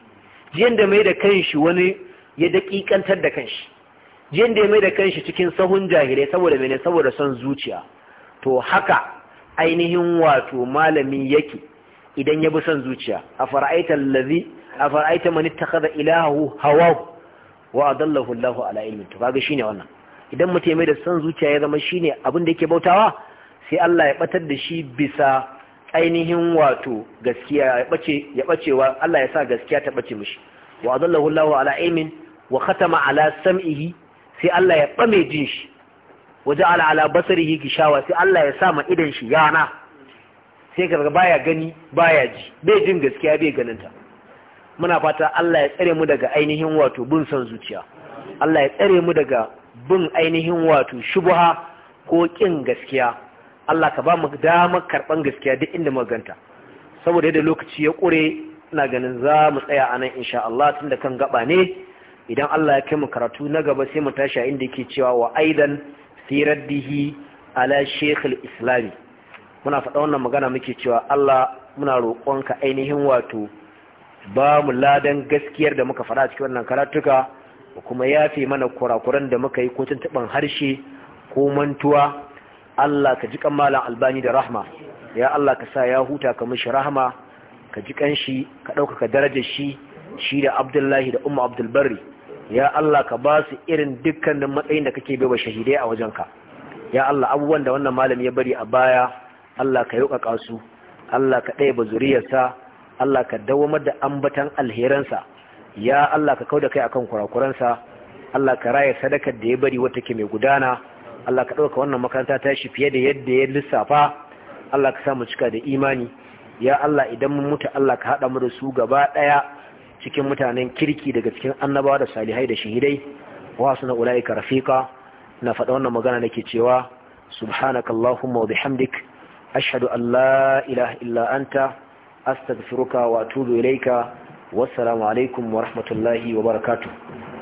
jiyan da mai da kanshi wani ya daƙiƙantar da kanshi jin da ya mai da kanshi cikin sahun jahilai saboda mene saboda son zuciya to haka ainihin wato malami yake idan ya bi son zuciya a fara'aita lalazi a fara'aita ta kada ilahu hawa wa adallahu Allahu ala ilmin to shi ne wannan idan mutum ya mai da son zuciya ya zama shi ne abin da yake bautawa sai Allah ya batar da shi bisa ainihin wato gaskiya ya bace ya bacewa Allah ya sa gaskiya ta bace mishi wa adallahu Allahu ala ilmin wa khatama ala sam'ihi sai Allah ya ɓame jin shi waje ala ala yake gishawa sai Allah ya sa ma idan shi yana sai ga baya gani baya ji bai jin gaskiya bai ganinta muna fata Allah ya tsare mu daga ainihin wato bin son zuciya Allah ya tsare mu daga bin ainihin wato shubuha ko ƙin gaskiya Allah ka ba mu damar karban gaskiya duk inda maganta saboda yadda lokaci ya kure ina ganin za mu tsaya anan insha Allah tunda kan gaba ne idan Allah ya kai mu karatu na gaba sai mu tashi inda yake cewa wa aidan fi ala shaykh islami muna faɗa wannan magana muke cewa Allah muna roƙonka ainihin wato ba mu ladan gaskiyar da muka faɗa cikin wannan karatuka kuma yafe mana kurakuran da muka yi ko tuntuɓin harshe ko mantuwa Allah ka ji kan malam albani da rahma ya Allah ka sa ya huta ka mishi rahma ka ji kan shi ka ɗaukaka darajar shi shi da abdullahi da umma abdulbari ya Allah ka ba su irin dukkanin matsayin da kake wa shahidai a wajenka ya Allah abubuwan da wannan malami ya bari a baya Allah ka yauƙaƙa su Allah ka ɗaya ba zuriyarsa Allah ka dawamar da ambatan alheransa ya Allah ka kauda kai akan kurakuransa Allah ka raya sadakar da ya bari wata ke mai gudana Allah ka ɗauka wannan makaranta ta shi fiye da yadda ya lissafa Allah ka samu cika da imani ya Allah idan mun mutu Allah ka haɗa mu da su gaba ɗaya cikin mutanen kirki daga cikin annabawa da salihai da shahidai wa suna ula'ika rafiqa na faɗa wannan magana nake cewa subhanakallahumma wa bihamdik ashhadu an la ilaha illa anta astaghfiruka wa atubu ilayka wassalamu alaikum wa rahmatullahi wa barakatuh